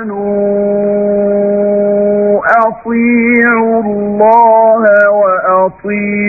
آمنوا أطيعوا الله وأطيعوا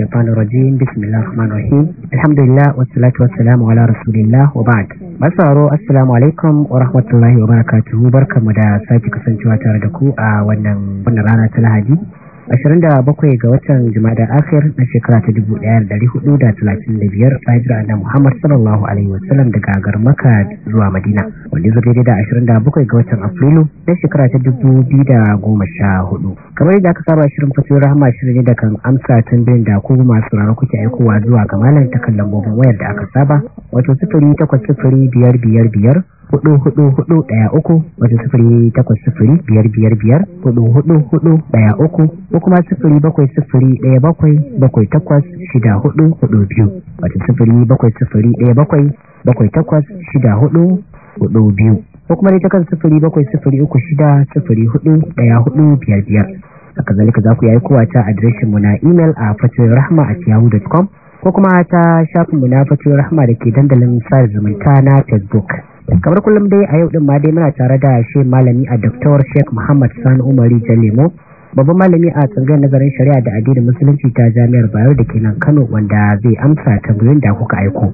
shaitanir rajim bismillahir rahmanir rahim alhamdulillah wassalatu wassalamu ala rasulillah wa ba'd masaro assalamu alaikum wa rahmatullahi wa barakatuhu barkamu da sake kasancewa tare da ku a wannan wannan rana ta lahadi 27 ga watan jumada akhir na shekara ta 1435 ta da Muhammad sallallahu alaihi wasallam daga gar Makka zuwa Madina wanda zai daidai da 27 ga watan Afrilu na shekara ta 2014 kamar yadda aka saba shirin fatin rahama shirin da kan amsa tambayoyin da ko masu raro kuke aikowa zuwa ga malam ta kan lambobin wayar da aka saba wato 080555 uku wato sufuri takwas sufuri biyar biyar biyar hudu hudu hudu daya uku ko kuma sufuri bakwai sufuri daya bakwai bakwai takwas shida hudu hudu biyu Wata sufuri bakwai sufuri daya bakwai bakwai takwas shida hudu hudu biyu ko kuma dai takan sufuri bakwai sufuri uku shida sufuri hudu hudu biyar biyar haka zalika za ku yayi kowa ta adireshinmu na imel a fatirahma at ko kuma ta shafinmu na fatirahma da ke dandalin sa zumunta na facebook kamar kullum dai a yau din ma dai muna tare da shi malami a Dr. Sheikh Muhammad Sani Umari Jalemo babban malami a tsangar nazarin shari'a da addinin musulunci ta Jami'ar bayar da ke Kano wanda zai amsa tambayoyin da kuka aiko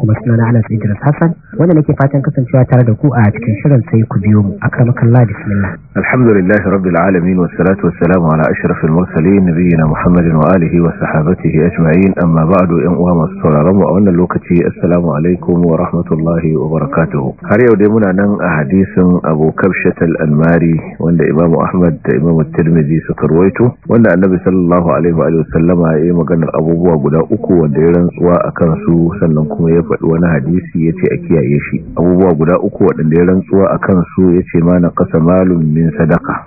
kuma sunana Anas Idris Hassan wanda nake fatan kasancewa tare da ku a cikin shirin sai ku biyo mu akramakallah bismillah alhamdulillahi rabbil alamin wassalatu wassalamu ala ashrafil mursalin nabiyina muhammadin wa alihi wa sahabatihi ajma'in amma ba'du yan uwa masu sauraron mu a wannan lokaci assalamu alaikum wa rahmatullahi wa barakatuh har yau dai muna nan a hadisin Abu Kabshat al-Almari wanda Imam Ahmad da Imam Tirmidhi suka ruwaito wanda Annabi sallallahu alaihi wa sallama ya yi maganar abubuwa guda uku wanda ya rantsuwa akan su sannan kuma ya faɗi wani hadisi ya ce a kiyaye shi abubuwa guda uku waɗanda ya rantsuwa a su ya ce ma na ƙasa malum min sadaka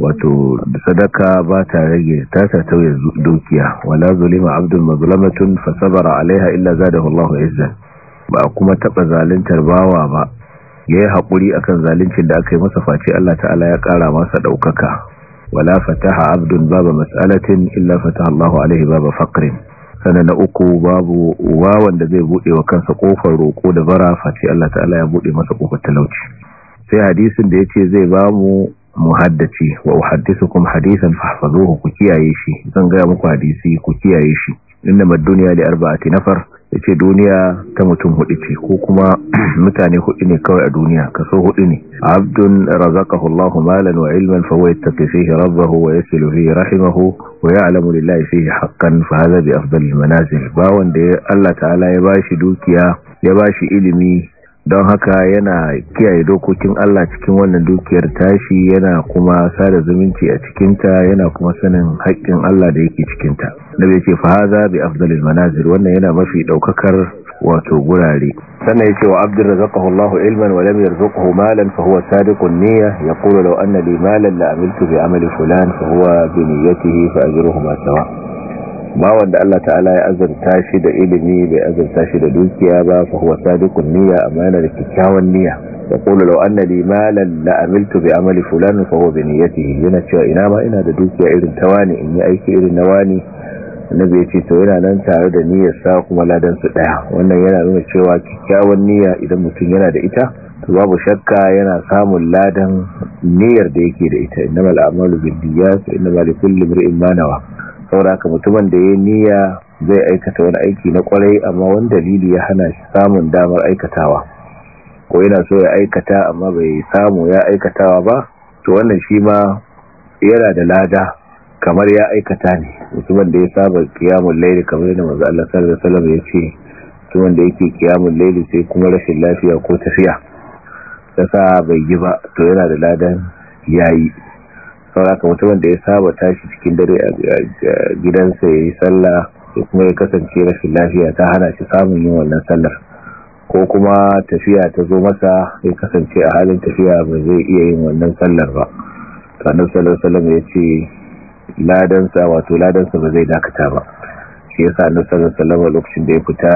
wato sadaka ba ta rage ta ta tauye dukiya wala zulima abdul mazlamatun fa sabara alaiha illa zadahu Allahu izza ba kuma taba zaluntar bawa ba yayi hakuri akan zaluncin da aka yi masa face Allah ta'ala ya kara masa daukaka wala fataha abdun baba mas'alatin illa fataha Allahu alaihi baba faqrin sannan na uku babu uba wanda zai bude wa kansa kofar roko da bara face Allah ta'ala ya bude masa kofar talauci sai hadisin da ya ce zai ba mu muhaddaci wa uhaddisukum hadisan fahfazuhu ku kiyaye shi zan gaya muku hadisi ku kiyaye shi inda duniya da arba'ati nafar yace duniya ta mutum hudu ce ko kuma mutane hudu ne kawai a duniya kaso hudu ne abdun razaqahu Allahu malan wa ilman fa huwa yattaqi fihi rabbahu wa yasilu fihi rahimahu wa ya'lamu lillahi fihi haqqan fa hadha bi afdalil manazil ba wanda Allah ta'ala ya bashi dukiya ya bashi ilimi don haka yana kiyaye dokokin Allah cikin wannan dukiyar tashi yana kuma sada zumunci a cikinta yana kuma sanin haƙƙin Allah da yake cikinta nabi ya ce fa haza bi afdalil manazir wannan yana mafi daukakar wato gurare sannan ya ce wa abdurrazzaqahu Allahu ilman wa lam yarzuqhu malan fa huwa sadiqun niyya yaqulu law anna li malan la amiltu bi amali fulan fa huwa bi niyyatihi fa ajruhu ma sawa amma wanda Allah ta'ala ya azurta shi da ilimi bai azurta shi da dukiya ba fa huwa sadiqun niyya amma yana da kikkiawan niyya yaqulu law anna li malan la amiltu bi amali fulan fa huwa bi niyyatihi yana cewa ina ma ina da dukiya irin tawani in yi aiki irin nawani annabi ya ce to yana nan tare da niyyar sa kuma ladan su daya wannan yana nuna cewa kikkiawan niyya idan mutum yana da ita to babu shakka yana samun ladan niyyar da yake da ita innamal a'malu binniyat innamal likulli imrin ma nawa saboda ka mutumin da ya niyya zai aikata wani aiki na kwarai amma wani dalili ya hana shi samun damar aikatawa ko yana so ya aikata amma bai samu ya aikatawa ba to wannan shi ma yana da lada kamar ya aikata ne mutumin da ya saba kiyamun laili kamar yadda manzo Allah sallallahu alaihi wasallam ya ce mutumin da yake kiyamun laili sai kuma rashin lafiya ko tafiya ta sa bai yi ba to yana da ladan yayi ka mutumin da ya saba tashi cikin dare a gidansa ya yi sallah ya kuma ya kasance rashin lafiya ta hana shi samun yin wannan sallar ko kuma tafiya ta zo masa ya kasance a halin tafiya ba zai iya yin wannan sallar ba tsallar tsallar ya ce ladansa wato ladansa ba zai dakata ba shi yasa tsallar tsallar a lokacin da ya fita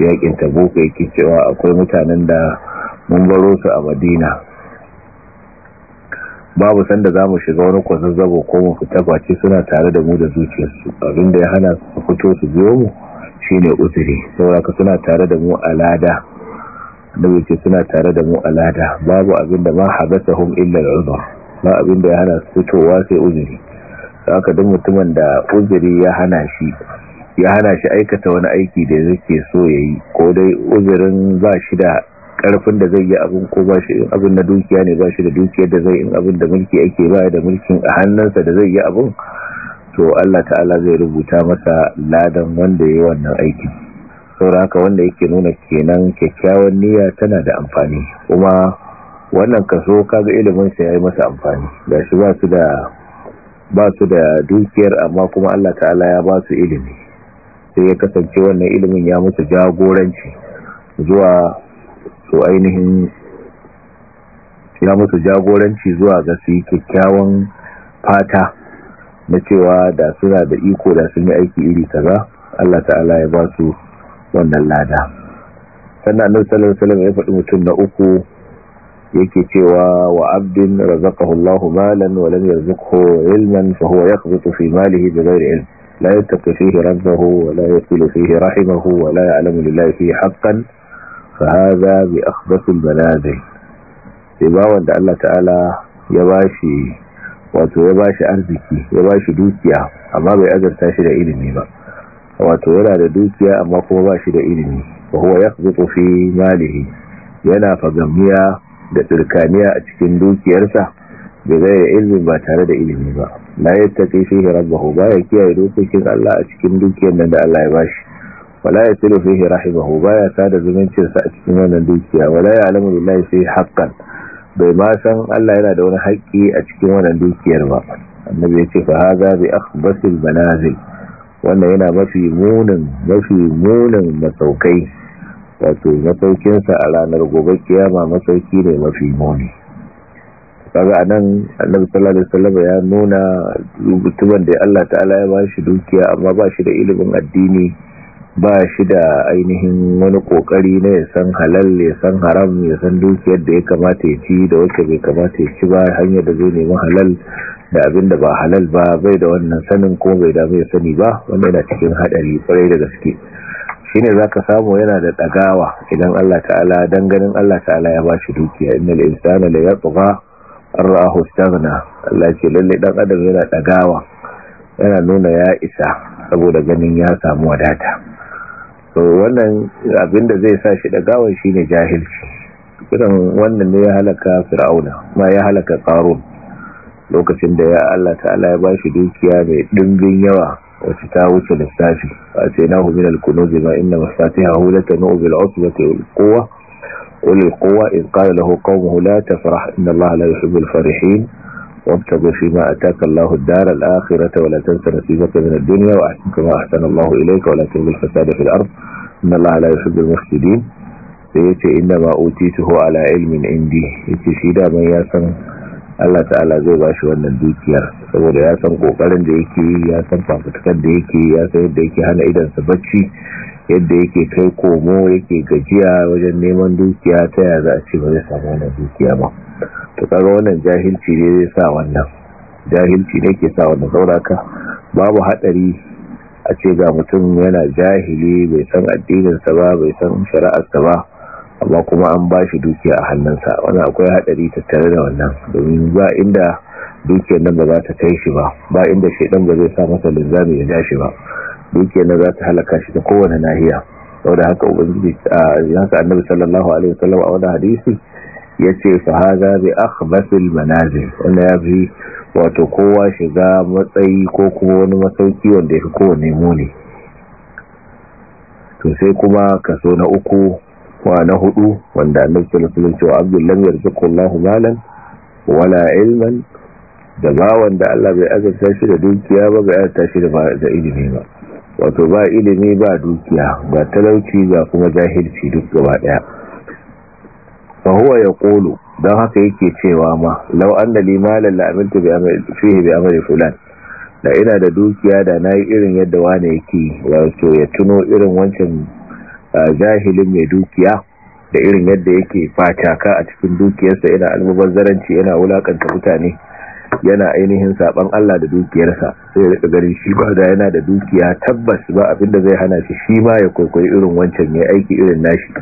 yakin ka yake cewa akwai mutanen da mun baro su a Madina babu sanda za mu shiga wani kwazazzabo ko mu fita baki suna tare da mu da zuciyarsu abinda ya hana su fito su biyo mu shine uzuri sauraka suna tare da mu alada da ce suna tare da mu alada babu abinda ma habasahum hun illar udhr ba abinda ya hana su fitowa sai uzuri aka duk mutumin da uzuri ya hana shi ya hana shi aikata wani aiki da yake so ya yi ko dai uzurin ba shi da karfin da zai yi abin ko ba shi abin na dukiya ne ba shi da dukiyar da zai yi abin da mulki ake ba da mulkin a hannunsa da zai yi abin to Allah ta'ala zai rubuta masa ladan wanda ya yi wannan aikin saura haka wanda yake nuna kenan kyakkyawan niyya tana da amfani kuma wannan kaso kaga iliminsa ya yi masa amfani da ba da ba su da dukiyar amma kuma Allah ta'ala ya ba su ilimi sai ya kasance wannan ilimin ya musu jagoranci zuwa su ainihin ya musu jagoranci zuwa ga su yi kyakkyawan fata na cewa da suna da iko da sun yi aiki iri kaza Allah ta'ala ya ba su wannan lada sannan nan sallallahu alaihi ya faɗi mutum na uku yake cewa wa abdin razaqahu Allahu malan wa lam yarzuqhu ilman fa huwa yakhbitu fi malihi bighayri ilm la yattaqi fihi rabbahu wa la yi fihi rahimahu wa la ya'lamu lillahi fihi haqqan fa hadha bi akhbathil zai. sai ba wanda Allah ta'ala ya bashi wato ya bashi arziki ya bashi dukiya amma bai azarta shi da ilimi ba wato yana da dukiya amma kuma bashi da ilimi wa huwa yakhbitu fi malihi yana fagamiya da tsirkaniya a cikin dukiyarsa da zai ilmin ba tare da ilimi ba la yattaqi fihi rabbahu ba ya kiyaye dokokin Allah a cikin dukiyar nan da Allah ya bashi wala ya tsilo fihi ba baya sada zumuncin sa a cikin wannan dukiya wala ya alamu lillahi fi haqqan bai ma san Allah yana da wani haƙƙi a cikin wannan dukiyar ba annabi ya ce fa hadha bi akhbasil manazil wannan yana mafi munin mafi munin masaukai wato sa a ranar gobe kiyama masauki ne mafi muni kaga anan annabi sallallahu alaihi wasallam ya nuna rubutuban da Allah ta'ala ya bashi dukiya amma ba shi da ilimin addini ba shi da ainihin wani kokari na ya san halal ya san haram ya san dukiyar da ya kamata ya ci da wacce bai kamata ya ci ba hanyar da zai nemi halal da abin da ba halal ba bai da wannan sanin ko bai da mai sani ba wanda yana cikin hadari kwarai da gaske shine zaka samu yana da dagawa idan Allah ta'ala dan ganin Allah ta'ala ya ba shi dukiya innal insana la yatgha ar-ra'ahu istaghna Allah ce lalle dan adam yana dagawa yana nuna ya isa saboda ganin ya samu wadata so wannan abinda zai sa shi dagawan shine jahilci kiran wannan ne ya halaka fir'auna ma ya halaka qarun lokacin da ya Allah ta'ala ya ba shi dukiya mai dimbin yawa wacce ta wuce lissafi a ce na hu minal kunuzi ma inna mafatihahu la tanu bil usbati wal quwwa qul al in qala lahu qawmuhu la tafrah inna allaha la yuhibbu al farihin وابتغ فيما أتاك الله الدار الآخرة ولا تنس نصيبك من الدنيا وأحسن كما أحسن الله إليك ولا تنب الفساد في الأرض إن الله لا يحب المفسدين سيأتي إنما أوتيته على علم عندي يتشيدا من ياسم Allah ta'ala zai ba shi wannan dukiyar saboda ya san kokarin da yake yi ya san fafutukar da yake yi ya san yadda yake hana idan sa bacci yadda yake kai komo yake gajiya wajen neman dukiya ta ya za a ce ba zai samu wannan dukiya ba ta kaga wannan jahilci ne zai sa wannan jahilci ne ke sa wannan sauraka babu hadari a ce ga mutum yana jahili bai san addininsa ba bai san shari'arsa ba amma kuma an ba shi dukiya a hannunsa wani akwai hadari tattare da wannan domin ba inda dukiyar nan ba za ta kai shi ba ba inda shaidan ba zai sa masa linzami ya ja ba dukiyar nan za ta halaka shi ta kowane nahiya saboda haka ubangiji ya haka annabi sallallahu alaihi wasallam a wani hadisi ya ce haza bi akhbasil manazil wanda ya bi wato kowa shiga matsayi ko kuma wani masauki wanda ya fi kowane muni to sai kuma kaso na uku wa na hudu wanda annabi sallallahu alaihi wasallam Abdullahi yarzuqullahu malan wala ilman da ba wanda Allah bai azabta shi da dukiya ba bai azabta shi da ilimi ba wato ba ilimi ba dukiya ba talauci ba kuma jahilci duk gaba daya fa huwa kolo don haka yake cewa ma lau an da malan la'amintu fiye bi amari fulan da ina da dukiya da na yi irin yadda wani yake wato ya tuno irin wancan jahilin mai dukiya da irin yadda yake fataka a cikin dukiyarsa ina almubazzaranci yana wulakanta mutane yana ainihin saban Allah da dukiyarsa sai ya garin shi ba da yana da dukiya tabbas ba abinda zai hana shi shi ma ya kwaikwayi irin wancan ya aiki irin nashi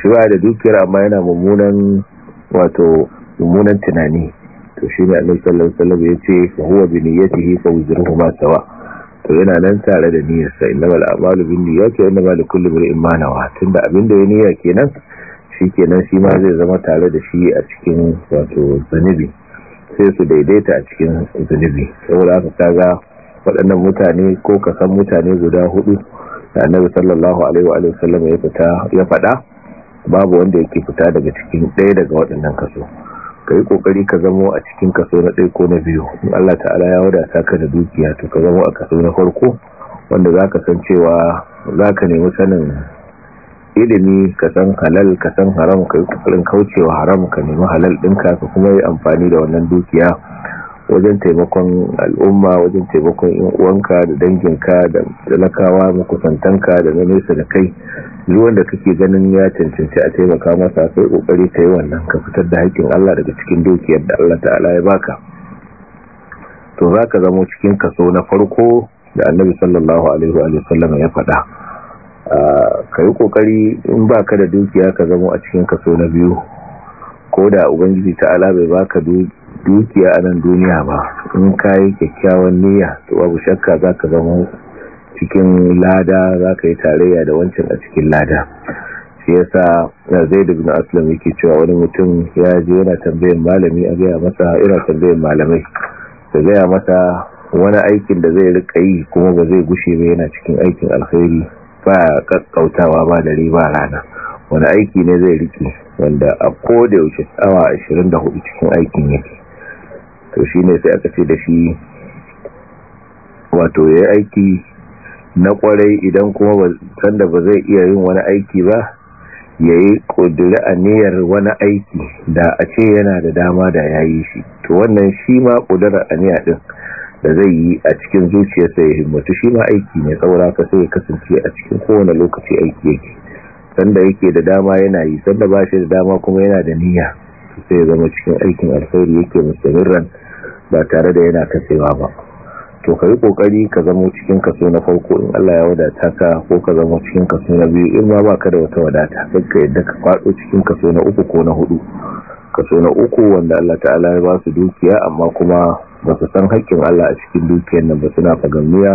shi ba da dukiyar amma yana mummunan wato mummunan tunani to shi ne Allah sallallahu alaihi Ya ce ka huwa bi niyyatihi fa wuzruhuma sawa to yana nan tare da niyyarsa innamal a'malu bin niyyati wa innamal likulli imrin ma nawa tunda da ya niyya kenan shikenan shi ma zai zama tare da shi a cikin wato zanibi sai su daidaita a cikin zanibi saboda haka kaga waɗannan mutane ko kasan mutane guda hudu da annabi sallallahu alaihi wa sallam ya ya faɗa babu wanda yake fita daga cikin ɗaya daga waɗannan kaso ka yi ƙoƙari ka zamo a cikin kaso na ɗaya ko na biyu in Allah ta'ala ya wadata ka da dukiya to ka zamo a kaso na farko wanda za ka san cewa za ka nemi sanin ilimi ka san halal ka san haram ka yi ƙoƙarin kaucewa haram ka nemi halal ɗinka ka kuma yi amfani da wannan dukiya wajen taimakon al'umma wajen taimakon yan uwanka da danginka da talakawa makusantanka da na nesa da kai zuwan da kake ganin ya cancanci a taimaka masa sai kokari yi wannan ka fitar da haƙƙin Allah daga cikin dukiyar da Allah ta'ala ya baka to za ka zama cikin kaso na farko da Annabi sallallahu alaihi wa ya faɗa ka yi kokari in ba ka da dukiya ka zama a cikin kaso na biyu ko da ubangiji ta'ala bai baka dukiya a nan duniya ba in ka yi kyakkyawan niyya to babu shakka za ka zama cikin lada za ka yi tarayya da wancan a cikin lada shi sa na zai da gina aslam yake cewa wani mutum ya je yana tambayin malami a gaya masa ina tambayin malamai da gaya masa wani aikin da zai rika yi kuma ba zai gushe ba yana cikin aikin alkhairi ba kakkautawa ba da riba rana wani aiki ne zai rike wanda a koda yaushe tsawa 24 cikin aikin yake to shi ne sai aka ce da shi wato ya aiki na kwarai idan kuma sanda ba zai iya yin wani aiki ba ya yi ƙudiri aniyar wani aiki da a ce yana da dama da ya yi shi to wannan shi ma ƙudirar aniya ɗin da zai yi a cikin zuciyarsa ya himmatu shi ma aiki ne tsawara ka sai ya kasance a cikin kowane lokaci aiki yake sanda yake da dama yana yi sanda ba shi da dama kuma yana da niyya sai ya zama cikin aikin alkhairi yake mustamirran ba tare da yana kasewa ba to ka kokari ka zama cikin kaso na farko in Allah ya wadata ka ko ka zama cikin kaso na biyu in ma baka da wata wadata sai ka yadda ka kwado cikin kaso na uku ko na hudu kaso na uku wanda Allah ta'ala ya ba su dukiya amma kuma ba su san haƙƙin Allah a cikin dukiyar nan ba suna fagamniya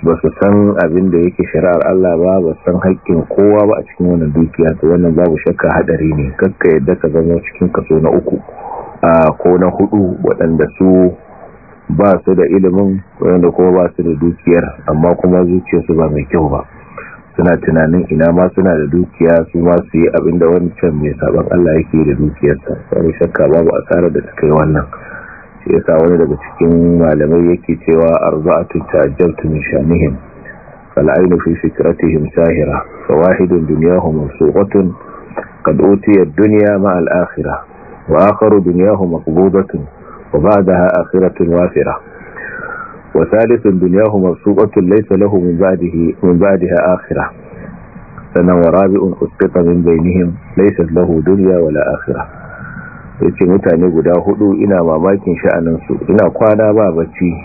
ba su san abin da yake shari'ar Allah ba ba san haƙƙin kowa ba a cikin wannan dukiya to wannan babu shakka hadari ne kakka yadda ka zama cikin kaso na uku ko na hudu waɗanda su ba su da ilimin waɗanda kuma ba su da dukiyar amma kuma zuciyarsu ba mai kyau ba suna tunanin ina ma suna da dukiya su ma su yi abinda wancan mai sabon Allah yake da dukiyarsa wani shakka babu asarar da suka yi wannan shi yasa wani daga cikin malamai yake cewa arza'atu ta'ajjaltu min shanihim fal'ainu fi fikratihim sahira duniya hu mabsuqatun qad utiya ad-dunya duniya al-akhirah وآخر دنياه مقبوضة وبعدها آخرة وافرة وثالث دنياه مبسوطة ليس له من بعده من بعدها آخرة سنة ورابع أسقط من بينهم ليس له دنيا ولا آخرة yace mutane guda hudu ina mamakin sha'aninsu ina kwana ba bacci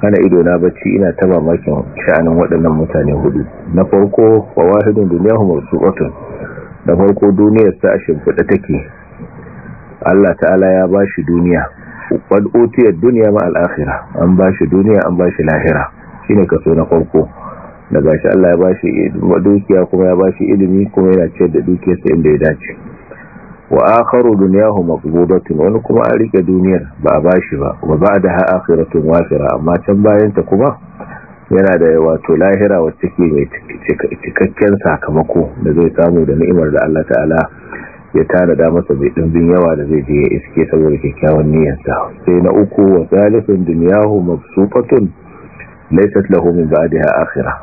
kana ido na bacci ina ta mamakin sha'anin waɗannan mutane hudu na farko wa wahidun dunyahu mabsuqatun da farko duniyar ta shimfida take Allah ta'ala ya ba shi duniya wadda otiyar duniya ma al'akhira an ba shi duniya an ba shi lahira shi ne kaso na farko daga shi Allah ya ba shi dukiya kuma ya ba shi ilimi kuma yana ce da dukiyarsa inda ya dace wa akharu dunyahu maqbudatun wani kuma a rike duniyar ba a bashi ba wa ba'daha akhiratun wasira amma can bayan ta kuma yana da wato lahira wacce ke mai cikakken sakamako da zai samu da ni'imar da Allah ta'ala ya tanada masa bai dimbin yawa da zai je ya iske saboda kyakkyawan niyyarsa sai na uku wa salifin dunyahu mabsutatun laysat lahu min ba'daha akhirah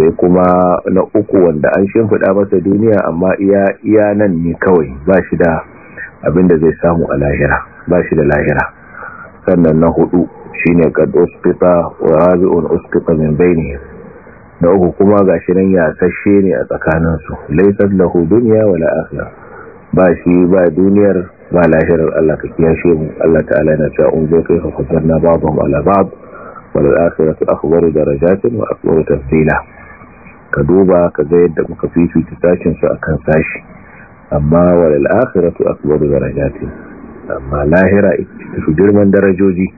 sai kuma na uku wanda an shimfida masa duniya amma iya iya nan ne kawai ba shi da abin da zai samu a lahira ba shi da lahira sannan na hudu shine kad usqita wa rabi'un usqita min bainihim da uku kuma gashi nan ya sashe ne a tsakaninsu laysat lahu dunya wala akhirah ba shi ba duniyar ba lahirar Allah ka kiyashe mu Allah ta'ala na cewa un zai kai ka kudarna babun ala bab wal akhiratu akhbaru darajatun wa akbaru tafsila ka duba ka ga yadda muka fifita sashin su a kan sashi amma wal akhiratu akhbaru darajatun, amma lahira ita fi girman darajoji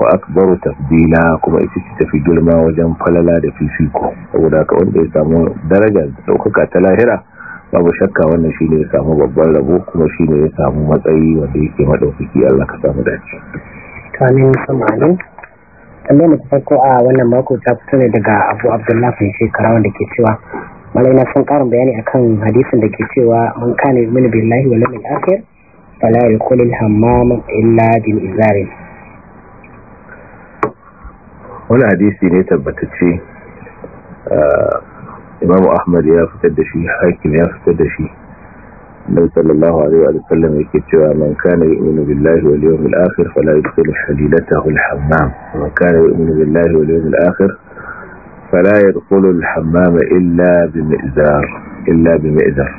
wa akbaru tafdila kuma ita ce tafi girma wajen falala da fifiko saboda ka wanda ya samu daraja daukaka ta lahira babu shakka wannan shi ne ya samu babban rabo kuma shi ne ya samu matsayi wanda yake maɗaukaki Allah ka samu dace. Kamin samanin, tambayar mu ta farko a wannan mako ta fito ne daga Abu Abdullahi shekara wanda ke cewa na sun ƙarin bayani a kan hadisin da ke cewa mun kane mini bin lahi billahi lamin yawmil akhir fala kulin hammam illa bin izari wani hadisi ne tabbatacce ah, imamu ahmad ya fitar da shi hakim ya fitar da shi nabi sallallahu alaihi wa sallam yake cewa man kana yu'minu billahi wal yawmil akhir fala yadkhulu hadidatahu al hammam man kana yu'minu billahi wal yawmil akhir fala yadkhulu al hammam illa bi mi'zar illa bi mi'zar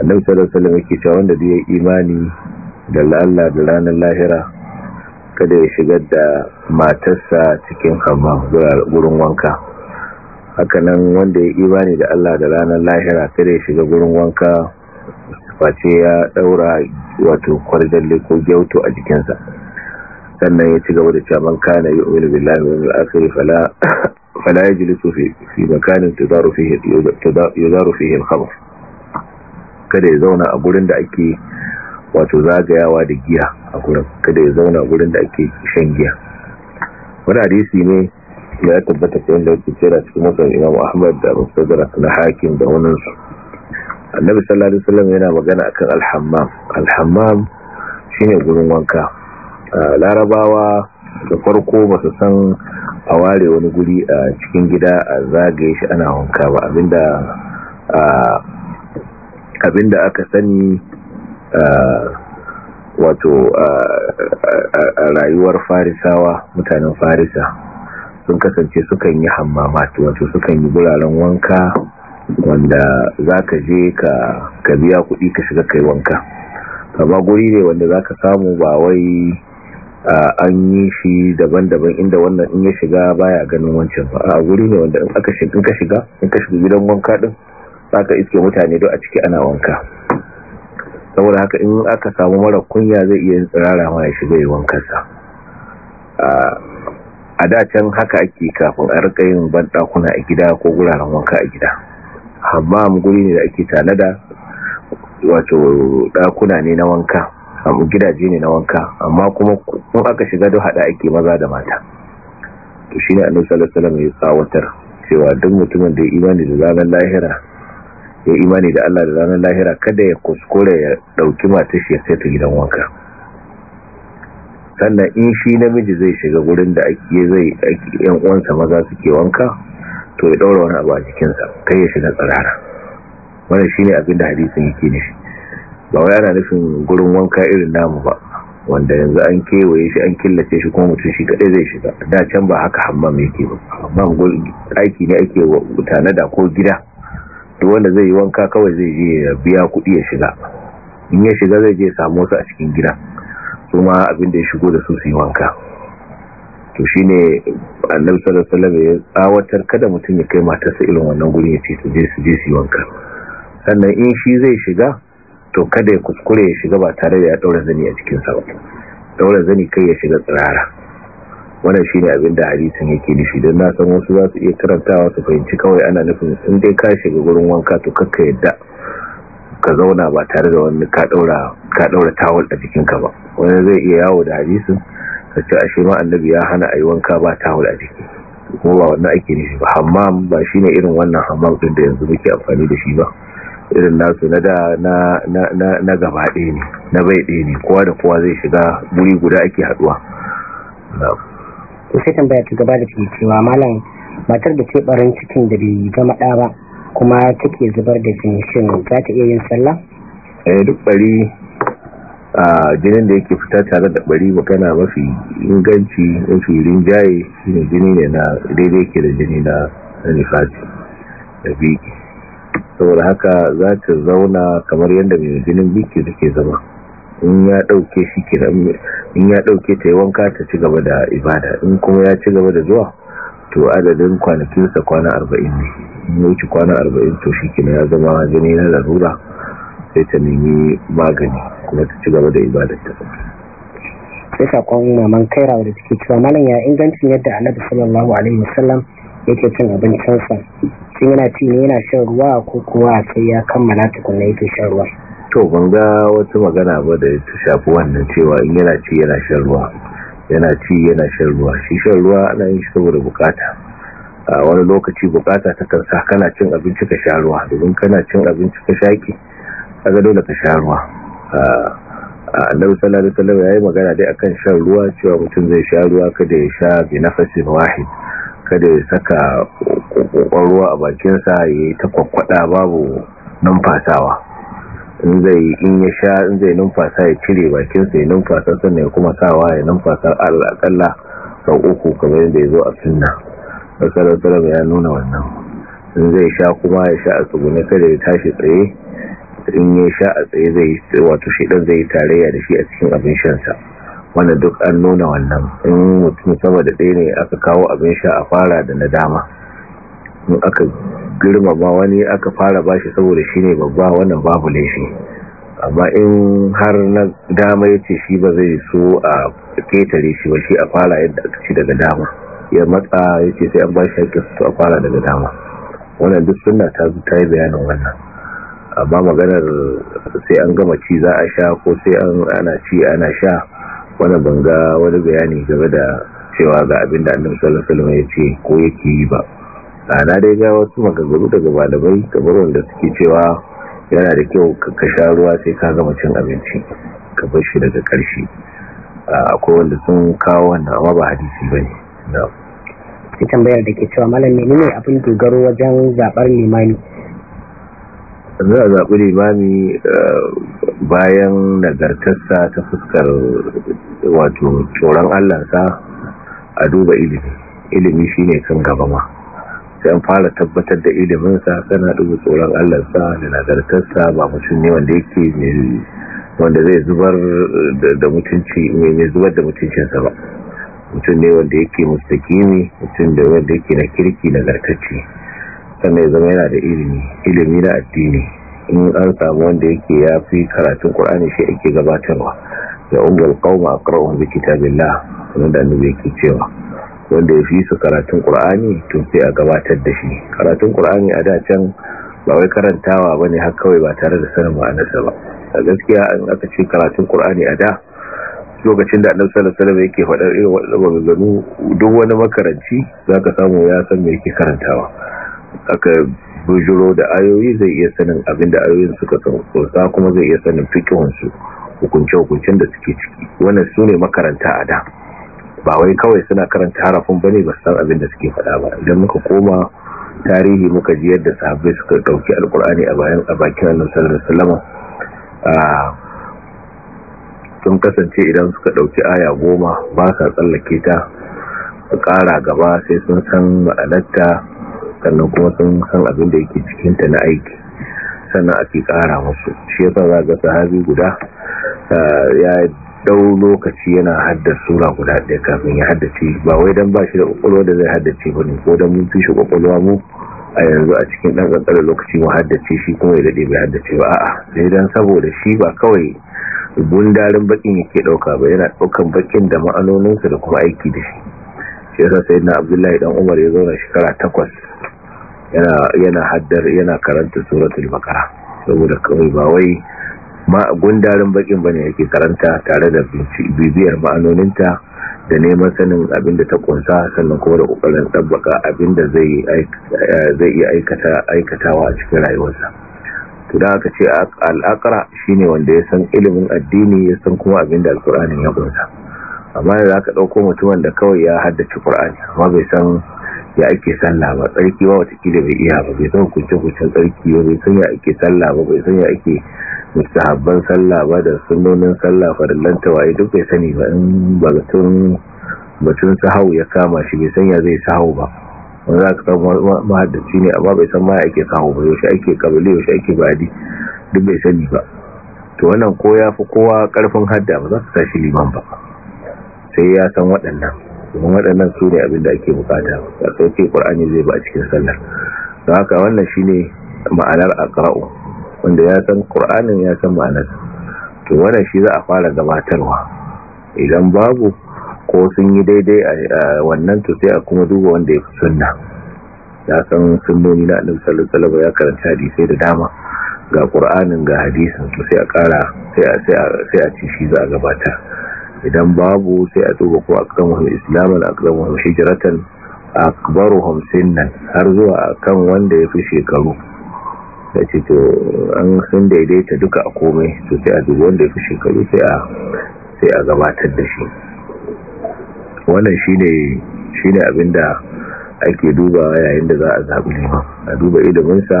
annabi sallallahu alaihi wa yake cewa wanda bai imani da Allah da ranar lahira kada ya shigar da matarsa cikin hammam gurin wanka hakanan wanda ya imani da Allah da ranar lahira kada ya shiga gurin wanka face ya daura wato kwarjalle ko gyauto a jikinsa sannan ya ci gaba da cewa man kana yu'minu billahi wal yawmil akhir fala fala yajlisu fi fi makanin ta fihi yudaru fihi al-khamr kada ya zauna a gurin da ake wato zagayawa da giya a gurin kada ya zauna a gurin da ake shan giya wani hadisi ne ya tabbata ta yadda yake kira cikin musan imam ahmad da mustadrak na hakim da wannan annabi sallallahu alaihi wasallam yana magana akan alhammam alhammam shine gurin wanka larabawa da farko ba san a ware wani guri a cikin gida a zagaye shi ana wanka ba abinda abinda aka sani wato a rayuwar farisawa mutanen farisa sun kasance sukan yi hammamat wato sukan yi guraren wanka wanda za ka je ka biya kuɗi ka shiga kai wanka amma guri ne wanda za ka samu ba wai an yi shi daban-daban inda wannan in ya shiga baya ganin wancan ba a guri ne wanda in ka shiga in ka shiga gidan wanka ɗin, za ka iske mutane duk a ciki ana wanka saboda haka in aka samu mara kunya zai iya tsirara ma ya shiga yi wankansa a da can haka ake kafin a rika yin bandakuna a gida ko guraren wanka a gida hammam guri ne da ake tanada wato dakuna ne na wanka amma gidaje ne na wanka amma kuma kun aka shiga da hada ake maza da mata to ne annabi sallallahu alaihi wasallam ya tsawatar cewa duk mutumin da ya imani da ranar lahira ya imani da Allah da ranar lahira kada ya kuskure ya dauki matashi ya kai ta gidan wanka sannan in shi namiji zai shiga gurin da ake zai yan uwansa maza suke wanka to ya ɗaura wani abu a jikinsa kai ya shiga tsirara Wani shine abin da hadisin yake shi ba wai ana nufin gurin wanka irin namu ba wanda yanzu an kewaye shi an killace shi kuma mutum shi kadai zai shiga da can ba haka hammam yake ba hammam aiki ne ake mutane da ko gida to wanda zai yi wanka kawai zai je biya kuɗi ya shiga in ya shiga zai je samu wasu a cikin gida su ma abinda ya shigo da su su yi wanka to shi ne annabi sallallahu alaihi ya tsawatar kada mutum ya kai matarsa irin wannan gurin ya ce su je su je su yi wanka sannan in shi zai shiga to kada ya kuskure ya shiga ba tare da ya daura zani a cikin sa daura zani kai ya shiga tsirara wannan shine abin da hadisin yake nufi don na san wasu za su iya karantawa su fahimci kawai ana nufin sun dai ka shiga gurin wanka to kakka yadda ka zauna ba tare da wani ka daura tawul a jikinka ba wani zai iya yawo da hadisin ka ce ashe ma annabi ya hana a yi wanka ba tawul a jiki kuma ba wannan ake nufi ba hammam ba shi ne irin wannan hammam ɗin da yanzu muke amfani da shi ba irin nasu na da na gaba ɗaya ne na bai ɗaya ne kowa da kowa zai shiga guri guda ake haɗuwa to sai tambaya ta gaba da take cewa malam matar da ce barin cikin da bai gama ɗa ba kuma take zubar da jini shin za ta iya yin sallah eh duk bari a jinin da yake fita tare da bari magana mafi inganci mafi rinjaye shine jini ne na daidai ke da jini na nifasi da biki saboda haka za ta zauna kamar yadda mai jinin biki take zama in ya dauke shi kiran in ya dauke ta yi wanka ta ci gaba da ibada in kuma ya ci gaba da zuwa to adadin kwanakinsa kwana arba'in ne in ya wuce kwana arba'in to shi kina ya zama jini na larura sai ta nemi magani kuma ta ci gaba da ibadar ta sai sakon maman kairawa da take cewa malam ya ingancin yadda annabi sallallahu alaihi wasallam yake cin abincinsa shi yana ci ne yana shan ruwa ko kuwa sai ya kammala tukunna yake shan ruwa to ban ga wata magana ba da ta shafi wannan cewa in yana ci yana shan ruwa yana ci yana shan ruwa shi shan ruwa ana yin shi saboda bukata a wani lokaci bukata ta kansa kana cin abinci ka sha ruwa domin kana cin abinci ka shaki kaga dole ka sha ruwa annabi sallallahu alaihi wasallam yayi magana dai akan shan ruwa cewa mutum zai sha ruwa kada ya sha bi nafasin wahid kada ya saka kokon ruwa a bakinsa sa yi ta kwakwada babu numfasawa in zai in ya sha in zai numfasa ya cire bakinsa ya numfasa sannan ya kuma sawa ya numfasa al'akalla sau uku kamar yadda ya zo a sunna sallallahu ya nuna wannan in zai sha kuma ya sha a tsugune kada ya tashi tsaye in ya sha a tsaye zai wato shi ɗan zai tarayya da shi a cikin abin shan sa duk an nuna wannan in mutum sama da ɗaya ne aka kawo abin sha a fara da na dama in aka girmama wani aka fara ba shi saboda shi ne babba wannan babu laifi amma in har na dama ya ce shi ba zai so a ketare shi ba shi a fara yadda aka ci daga dama ya matsa ya ce sai an ba shi haƙƙi su a fara daga dama wannan duk suna ta yi bayanin wannan amma maganar sai an gama ci za a sha ko sai an ana ci ana sha wani banga wani bayani game da cewa ga abin da annabi sallallahu alaihi ya ce ko yake yi ba ana dai ga wasu magagaru daga malamai kamar wanda suke cewa yana da kyau ka sha ruwa sai ka gama cin abinci ka bar shi daga ƙarshe akwai wanda sun kawo wannan amma ba hadisi bane na'am masu tambayar da ke cewa malam ne abin dogaro wajen zaɓar Limani. za a zaɓi limami eh, bayan nagartarsa ta fuskar wato tsoron allansa a duba ilimi ilimi shine kan gaba ma sai an fara tabbatar da iliminsa kana duba tsoron allansa da nagartarsa ba mutum ne wanda yake wanda zai zubar da mutunci mai zubar da mutuncinsa ba mutum ne wanda yake mustaqimi mutum da wanda yake na kirki na nagartacce sannan ya zama yana da ilimi ilimi na addini in an samu wanda yake ya fi karatun ƙur'ani shi ake gabatarwa Da ya umul qauma aqra'uhum bi kitabillah wanda annabi yake cewa wanda ya fi su karatun ƙulani tun sai a gabatar da shi karatun ƙur'ani a da can ba wai karantawa ne har kawai ba tare da sanin ma'anarsa ba a gaskiya an aka ce karatun ƙur'ani a da lokacin da annabi sallallahu alaihi wasallam yake faɗar irin waɗannan maganganu duk wani makaranci zaka samu ya san me yake karantawa aka bujuro da ayoyi zai iya sanin abinda ayoyin suka sa kuma zai iya sanin fikihun su hukunce hukuncin da suke ciki wannan sune makaranta a da ba wai kawai suna karanta harafin ne ba san abinda suke faɗa ba idan muka koma tarihi muka ji yadda sahabbai suka dauki alkur'ani a bayan a bakin annabi sallallahu alaihi ah, sun kasance idan suka ɗauki aya goma ba sa tsallake ta su ƙara gaba sai sun san ma'anarta sannan kuma sun san abin da yake cikinta na aiki sannan ake kara musu shi yasa za ga sahabi guda ah, ya dau lokaci yana haddasa sura guda ɗaya kafin ya haddace ba wai dan ba shi da ƙwaƙwalwa da zai haddace ba ne ko don mun fi shi ƙwaƙwalwa mu a yanzu a cikin ɗan ƙanƙarar lokaci mu haddace shi kuma ya daɗe bai haddace ba a'a sai dan saboda shi ba kawai gundarin bakin yake dauka ba yana daukan bakin da ma'anoninsa da kuma aiki da shi shi yasa sai na abdullahi dan umar ya zauna shekara takwas yana haddar yana karanta suratul bakara saboda kawai ba wai ma gundarin bakin bane yake karanta tare da bibiyar ma'anoninta da neman sanin abin da ta kunsa sannan kuma da kokarin tabbaka abinda zai eh, zai iya aikata aikatawa a cikin rayuwarsa to da aka ce al'akara shine wanda ya san ilimin addini ya san kuma abin da alkur'ani ya kunsa amma da aka dauko mutumin da kawai ya haddace kur'ani amma bai san ya ake sallah ba tsarki ba wata kila bai iya ba bai san kunce kuncen tsarki ba bai san ya ake sallah ba bai san ya ake mustahabban sallah ba da sunnonin sallah farillan tawaye duk bai sani ba in balatun batun sahau ya kama shi bai san ya zai sahau ba wanda za ka samu mahaddaci ne amma bai san maya ake kawo ba yaushe ake kabile yaushe ake badi duk bai sani ba to wannan ko ya fi kowa karfin hadda ba za su tashi liman ba sai ya san waɗannan domin waɗannan su ne abin da ake bukata ba ce ƙwar'ani zai ba a cikin sallar don haka wannan shi ne ma'anar ƙara'u wanda ya san ƙwar'anin ya san ma'anar to wannan shi za a fara gabatarwa idan babu ko sun yi daidai a wannan to sai a kuma duba wanda ya fi sunna ya san sunnoni na annabi sallallahu ya karanta hadisai da dama ga ƙura'anin ga hadisin to sai a kara sai a a ci shi za a gabata idan babu sai a duba ko wani islaman a hijratan nan nan har zuwa kan wanda ya fi shekaru da ce to an sun daidaita duka a komai to sai a duba wanda ya fi shekaru sai a gabatar da shi wannan shine shine abinda ake duba yayin da za a zaɓi ne a duba iliminsa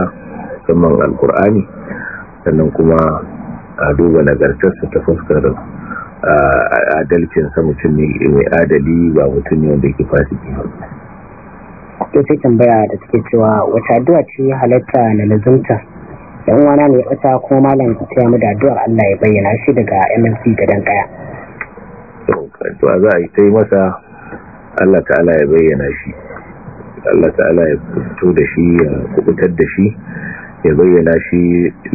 musamman alkur'ani sannan kuma a duba nagartarsa ta fuskar adalcinsa mutum ne mai adali ba mutum ne wanda yake fasiki ba to sai tambaya da take cewa wata addu'a ce halatta na lazumta yan wana ne wata kuma malam ta yi da addu'ar Allah ya bayyana shi daga MFC gadan kaya addu'a za a yi ta yi masa Allah ta'ala ya bayyana shi Allah ta'ala ya fito da shi ya kubutar da shi ya bayyana shi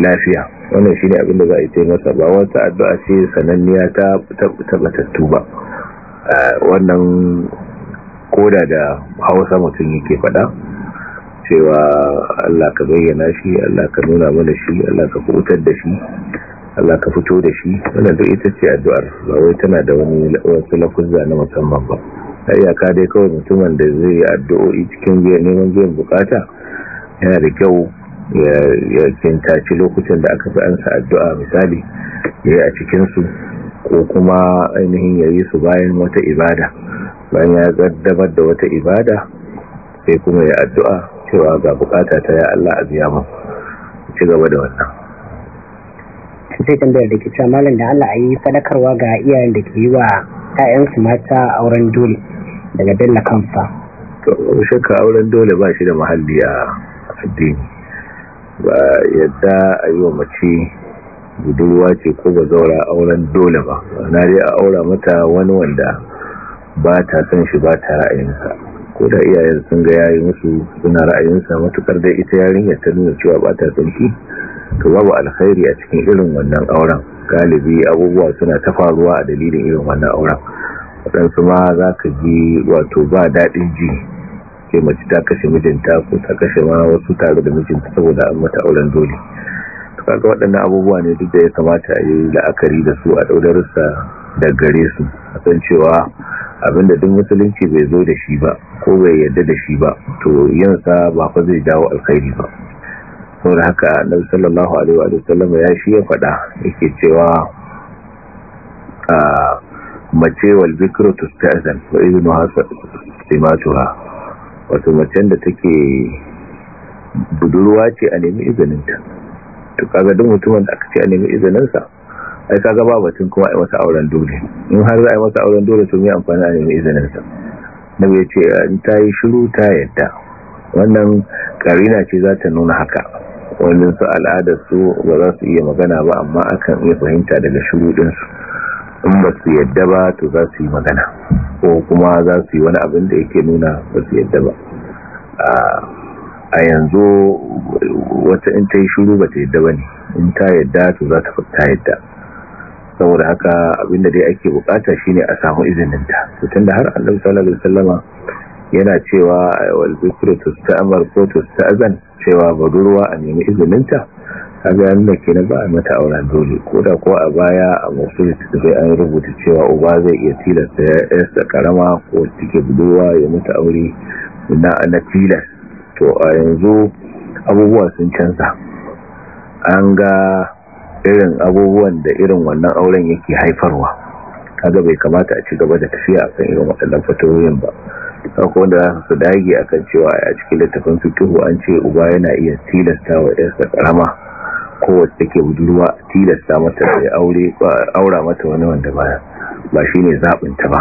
lafiya wannan shi ne abinda za a yi ta yi masa ba wata addu'a ce sananniya ta tabbatattu ba wannan koda da hausa mutum yake fada cewa Allah ka bayyana shi Allah ka nuna mana shi Allah ka kubutar da shi Allah ka fito da shi wannan duk ita ce addu'ar ba wai tana da wani wasu lafuzza na musamman ba ta iyaka dai kawai mutumin da zai yi addu'o'i cikin biyan neman biyan bukata yana da kyau ya kintaci lokacin da aka fi ansa addu'a misali ya yi a cikinsu ko kuma ainihin ya yi su bayan wata ibada bayan ya gaddabar da wata ibada sai kuma ya addu'a cewa ga bukata ta ya Allah a mu ci gaba da wannan sai tambayar da ke cewa malam da Allah a yi sadakarwa ga iyayen da ke yi wa 'ya'yansu mata auren dole daga dalla kanfa to shakka auren dole ba shi da muhalli a addini ba yadda a yi wa mace budurwa ce ko ba zaura auren dole ba na dai a aura mata wani wanda ba ta san shi ba ta ra'ayinsa ko da iyayen sun ga yayi musu suna ra'ayinsa matukar da ita yarinyar ta nuna cewa ba ta san shi to babu alkhairi a cikin irin wannan auren galibi abubuwa suna ta faruwa a dalilin irin wannan auren waɗansu ma za ka ji wato ba daɗin ji ke mace ta kashe mijinta ko ta kashe ma wasu tare da mijinta saboda an mata auren dole to kaga waɗannan abubuwa ne duk da ya kamata a yi la'akari da su a ɗaudarsa da gare su a san cewa abinda duk musulunci bai zo da shi ba ko bai yarda da shi ba to yansa sa ba fa zai dawo alkhairi ba saboda haka na sallallahu alaihi wa sallam ya shi ya faɗa yake cewa mace wal bikru tusta'zan wa hasan timatuha wato macen da take budurwa ce a nemi izininta to kaga duk mutumin da aka ce a nemi izininsa ai kaga ba batun kuma ai masa auren dole in har za a yi masa auren dole to me amfani a nemi izininsa na ya ce in ta yi shiru ta yadda wannan karina ce za ta nuna haka wani su al'adar su ba za su iya magana ba amma akan iya fahimta daga shuruɗinsu in ba su yadda ba to za su yi magana ko kuma za su yi wani abin da yake nuna ba su yadda ba a yanzu wata in ta yi shuru ba ta yadda ba ne in ta yadda to za ta fata yadda saboda haka abinda dai ake bukata shine a samu izininta to da har annabi sallallahu alaihi wasallama yana cewa wal ta tusta'mar ko tusta'zan cewa budurwa a nemi izininta kaga ke na ba a mata auren dole ko da ko a baya a musul bai an rubuta cewa uba zai iya tilasta ya yarsa karama ko take budurwa ya mata aure na na tilas to a yanzu abubuwa sun canza an ga irin abubuwan da irin wannan auren yake haifarwa kaga bai kamata a ci gaba da tafiya kan irin waɗannan fatoyin ba akwai wanda za su dage a kan cewa a cikin littafin fikihu an ce uba yana iya tilasta wa ɗansa karama kowace take budurwa tilasta mata sai aure aura mata wani wanda ba shi ne zaɓin ta ba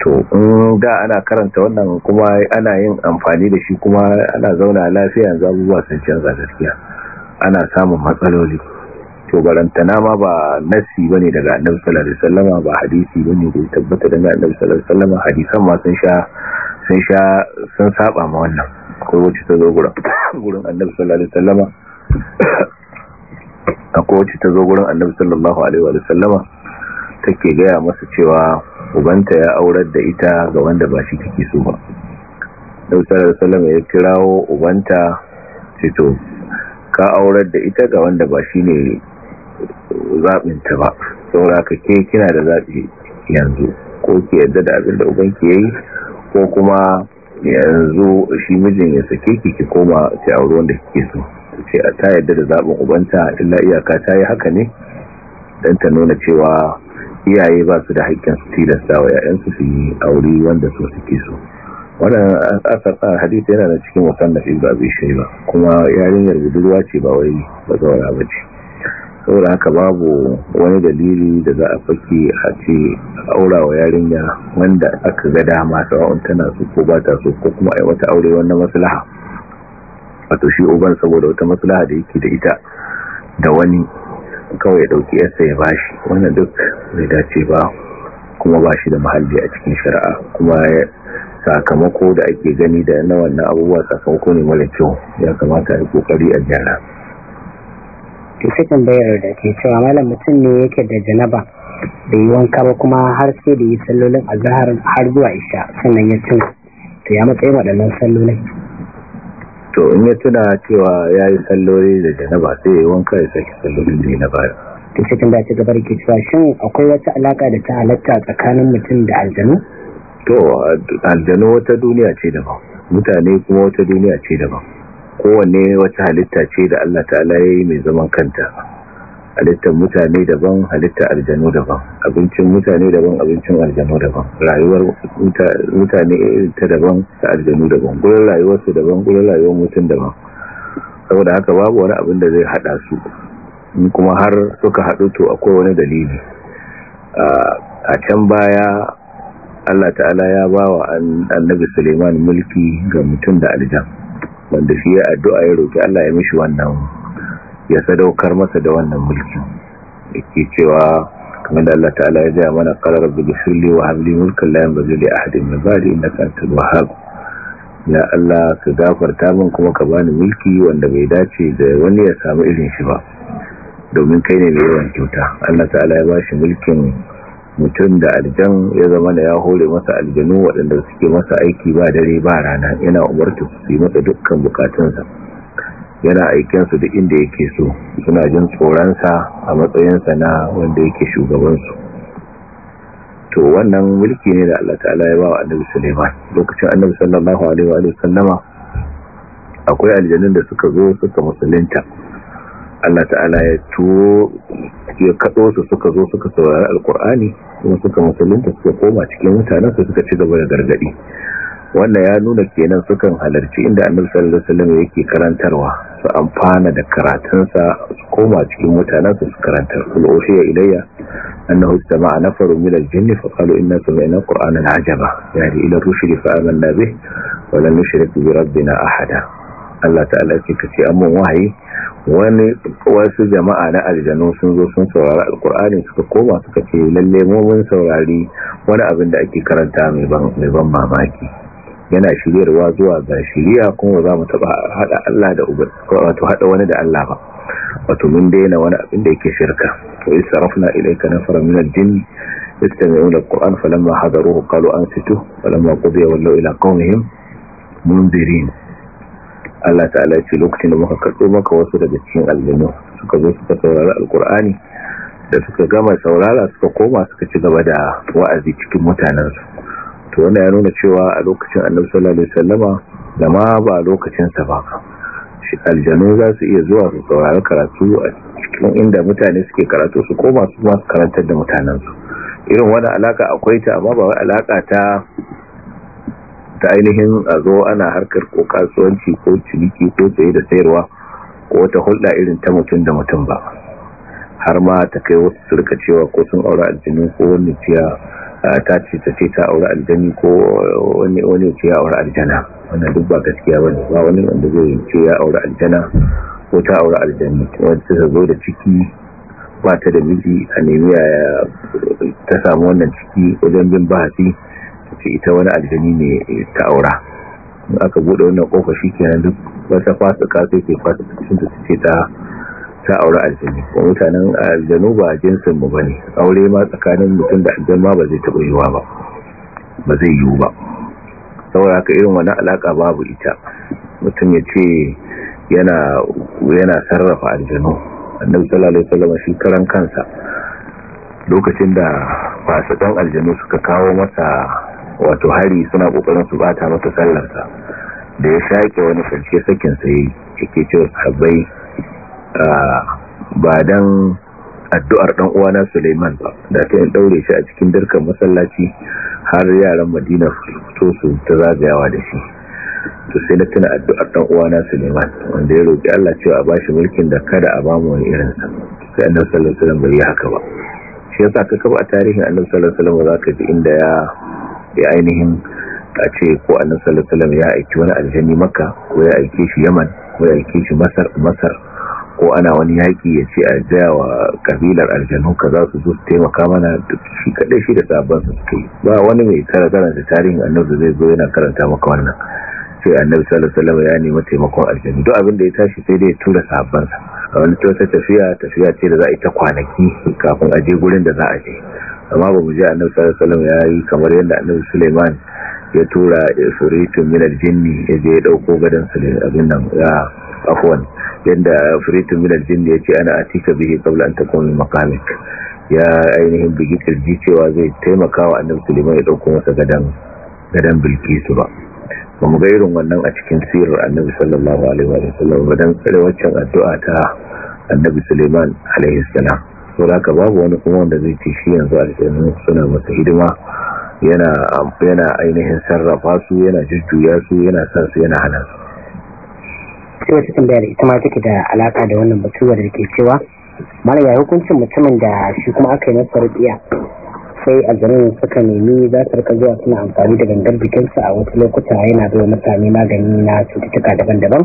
to in da ana karanta wannan kuma ana yin amfani da shi kuma ana zauna lafiya yanzu abubuwa sun canza gaskiya ana samun matsaloli to barantana ma ba nassi bane daga annabi sallallahu alaihi wasallam ba hadisi bane da tabbata daga annabi sallallahu alaihi wasallam hadisan ma sun sha sun sha sun saba ma wannan ko wacce ta zo gurin gurin annabi sallallahu alaihi wasallama ko wacce ta zo gurin annabi sallallahu alaihi wasallam take gaya masa cewa ubanta ya aurar da ita ga wanda ba shi take so ba Annabi sallallahu alaihi wasallam ya kirawo ubanta ce to ka aurar da ita ga wanda ba shi ne zaɓinta ba Saura ka ke kina da zaɓi yanzu ko ki yadda da abin da ubanki ya yi ko kuma yanzu shi mijin ya sake ki ki koma ta auri wanda kike so ce a ta yadda da zaɓin ubanta illa iyaka ta yi haka ne don ta nuna cewa iyaye ba su da haƙƙin su tilasta wa ‘ya'yansu su yi aure wanda so suke so wannan asar hadith yana da cikin musamman ibn abi ba. kuma yarinyar budurwa ce ba wai bazawara ba ce saboda haka babu wani dalili da za a fake a ce aura wa yarinya wanda aka ga dama sawa'un tana su ko ba ta su ko kuma yi wata aure wannan maslaha wato shi uban saboda wata maslaha da yake da ita da wani kawai ya dauki yarsa ya bashi wannan duk bai dace ba kuma ba shi da mahalli a cikin shari'a kuma sakamako da ake gani da na wannan abubuwa sakamako ne mara kyau ya kamata a yi kokari a gyara to sai da ke cewa malam mutum ne yake da janaba da yi wanka ba kuma har sai da yi sallolin azahar har zuwa isha sannan ya tuna to ya matsayi waɗannan sallolin to in ya tuna cewa ya yi salloli da janaba sai ya yi wanka ya sake sallolin da na baya to sai da gabar ke cewa shin akwai wata alaka da ta halatta tsakanin mutum da aljanu to aljanu wata duniya ce daban mutane kuma wata duniya ce daban kowanne wata halitta ce da Allah ta'ala ya yi mai zaman kanta halittar mutane daban halittar aljanu daban abincin mutane daban abincin aljanu daban rayuwar mutane ta daban ta aljanu daban gurin rayuwarsu daban gudun rayuwar mutum daban saboda haka babu wani abin da zai hada su kuma har suka haɗu to akwai wani dalili a can baya Allah ta'ala ya ba wa annabi Suleiman mulki ga mutum da aljanu wanda shi ya addu'a ya roki Allah ya mishi wannan ya sadaukar masa da wannan mulki yake cewa kamar da Allah ta'ala ya ji mana qala rabbi ghfirli wa hab li mulkan la yanbaghi li ahadin min ba'di innaka antal wahhab ya Allah ka gafarta min kuma ka bani mulki wanda bai dace da wani ya samu irin shi ba domin kai ne mai yawan kyauta Allah ta'ala ya bashi mulkin mutum da aljan ya zama da ya hore masa aljanu waɗanda suke masa aiki ba dare ba rana yana umarta su yi masa dukkan bukatunsa yana aikinsu duk inda yake so suna jin tsoronsa a matsayinsa na wanda yake shugabansu to wannan mulki ne da Allah ta'ala ya ba wa annabi Sulaiman lokacin annabi sallallahu alaihi wa sallama akwai aljanun da suka zo suka musulunta Allah ta'ala ya tuwo ya kaɗo su suka zo suka saurari alkur'ani kuma suka musulunta suka koma cikin mutanen su suka ci gaba da gargaɗi wannan ya nuna kenan sukan halarci inda annabi sallallahu alaihi wasallam yake karantarwa su amfana da karatunsa su koma cikin mutanen su karantar su ushiya ilayya annahu istama'a nafarun min al-jinn fa qalu inna sami'na qur'anan ajaba yani ila rushdi fa amanna bih wa lan nushrik bi rabbina ahada Allah ta'ala ce kace amma wahayi wani wasu jama'a na aljanu sun zo sun saurari alkur'ani suka koma suka ce lalle mun saurari wani abin da ake karanta mai ban mamaki yana shiryarwa zuwa ga shirya kuma za mu taba hada Allah da uba wato hada wani da Allah ba wato mun daina wani abin da yake shirka to israfna ilayka nafara min al-jinn yastami'una al-qur'an falamma hadaruhu qalu ansitu falamma qudiya wallaw ila qawmihim munzirin Allah ta'ala ce lokacin da muka karɓo maka wasu daga cikin aljanu suka zo suka saurari alkur'ani da suka gama saurara suka koma suka ci gaba da wa'azi cikin mutanensu to wanda ya nuna cewa a lokacin annabi sallallahu alaihi wasallama da ma ba lokacin sa ba shi aljanu za su iya zuwa su saurari karatu a cikin inda mutane suke karatu su koma su ma karantar da mutanensu irin wani alaka akwai ta amma ba wai alaka ta ta ainihin a zo ana harkar ko kasuwanci ko ciniki ko tsaye da sayarwa ko wata hulɗa irin ta mutum da mutum ba har ma ta kai wasu surka cewa ko sun aure aljini ko wani ciya ta ce ta ce ta aure aljani ko wani wani ciya aure aljana wannan duk ba gaskiya ne ba wani wanda zai ce ya aure aljana ko ta aure aljani wanda ta zo da ciki ba ta da miji a nemi ta samu wannan ciki wajen bin bahasi ce ita wani aljani ne ta aura in aka bude wannan kofa kenan duk wata fasa kaso ke fasa cikin da ce ta ta aure aljani ko mutanen aljanu ba jinsin mu bane aure ma tsakanin mutum da aljanna ba zai taba yiwa ba ba zai yiwu ba saboda haka irin wani alaka babu ita mutum ya ce yana yana sarrafa aljanu annabi sallallahu alaihi wasallam shi karan kansa lokacin da fasikan aljanu suka kawo masa wato hari suna kokarin su bata masa sallarsa da ya shaƙe wani farce sakin sai yake ce abai ba dan addu'ar dan uwana Suleiman ba da ta in daure shi a cikin dirkan masallaci har yaran Madina fito su ta zagayawa da shi to sai na tuna addu'ar dan uwana Suleiman wanda ya roki Allah cewa a bashi mulkin da kada a ba mu wani irin sa sai Annabi sallallahu alaihi wasallam bai haka ba shi yasa ka kaba a tarihin Annabi sallallahu alaihi wasallam zaka ji inda ya ya ainihin a ce ko annan salasalam ya aiki wani aljani maka ko ya aike shi yaman ko ya aike shi masar masar ko ana wani yaki ya ce a jaya wa kabilar aljanu ka za su zo su taimaka mana duk shi kaɗai shi da sabon su suke ba wani mai tara da tarihin annabi zai zo yana karanta maka wannan sai annabi sallallahu alaihi wasallam ya nemi taimakon aljanu duk abin da ya tashi sai dai tura sa a wani tafiya tafiya ce da za a yi ta kwanaki kafin a je gurin da za a je amma ba mu ji annabi sallallahu alaihi wasallam yayi kamar yadda annabi Sulaiman ya tura furitun min jinni ya je ya dauko gadan Sulaiman abin nan ya afwan yadda furitun min jinni ya ce ana atika bihi qabla an takuna maqamik ya ainihin bigi ji cewa zai taimaka wa annabi Sulaiman ya dauko masa gadan gadan Bilkisu ba ba mu ga irin wannan a cikin sirar annabi sallallahu alaihi wasallam gadan tsare wacce addu'a ta annabi Sulaiman alaihi salam so da ka babu wani kuma wanda zai ce shi yanzu aljannu suna masa hidima yana yana ainihin sarrafa su yana jujjuya su yana sa su yana hana su cewa cikin bayar ita ma take da alaka da wannan batuwar da ke cewa mara ya hukuncin mutumin da shi kuma aka yi masa rubiya sai a aljannu suka nemi za su rika zuwa suna amfani da gangar jikinsa a wasu lokuta yana zuwa mutane magani na cututtuka daban-daban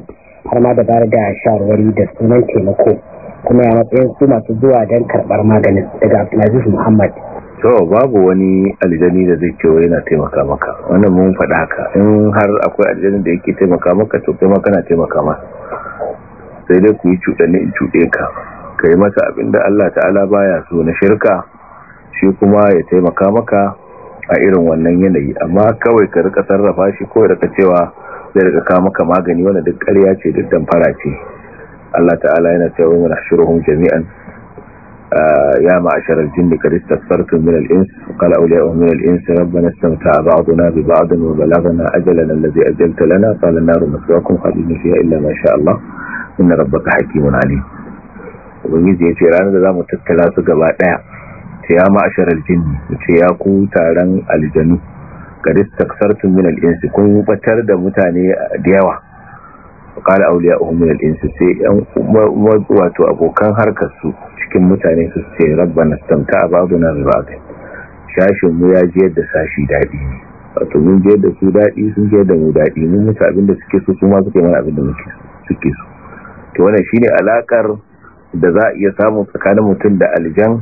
har ma da bayar da shawarwari da sunan taimako kuma ya matsayin su masu zuwa don karɓar maganin daga abdulaziz muhammad to babu wani aljani da zai cewa yana taimaka maka wannan mun faɗa haka in har akwai aljani da yake taimaka maka to kai ma kana taimaka ma sai dai ku yi cuɗani in cuɗe ka kai masa abin da Allah ta'ala baya so na shirka shi kuma ya taimaka maka a irin wannan yanayi amma kawai ka rika sarrafa shi ko rika cewa zai rika kawo maka magani wanda duk karya ce duk damfara ce Allah ta'ala yana cewa wa nahshuruhum jami'an ya ma'ashar al-jinni qad istakfartum min al-ins qala awliya'uhum min al-ins rabbana istamta'a ba'duna bi ba'din wa balaghana ajalana alladhi ajalta lana qala an-naru maswaakum khalidun fiha illa ma sha Allah inna rabbaka hakimun alim ubangiji ya ce ranar da zamu tattala su gaba daya ce ya ma'ashar al-jinni ce ya ku taron aljanu qad istakfartum min al-ins kun batar da mutane da yawa qala awliya'uhum min al-ins sai yan wato abokan harkar su cikin mutane su ce rabbana istamta'a ba'duna bi ba'd shashin mu ya jiyar da sashi dadi wato mun jiyar da su dadi sun jiyar da mu dadi mun mutu abin da suke so su suke mana abin da muke suke so to wannan shine alakar da za a iya samu tsakanin mutum da aljan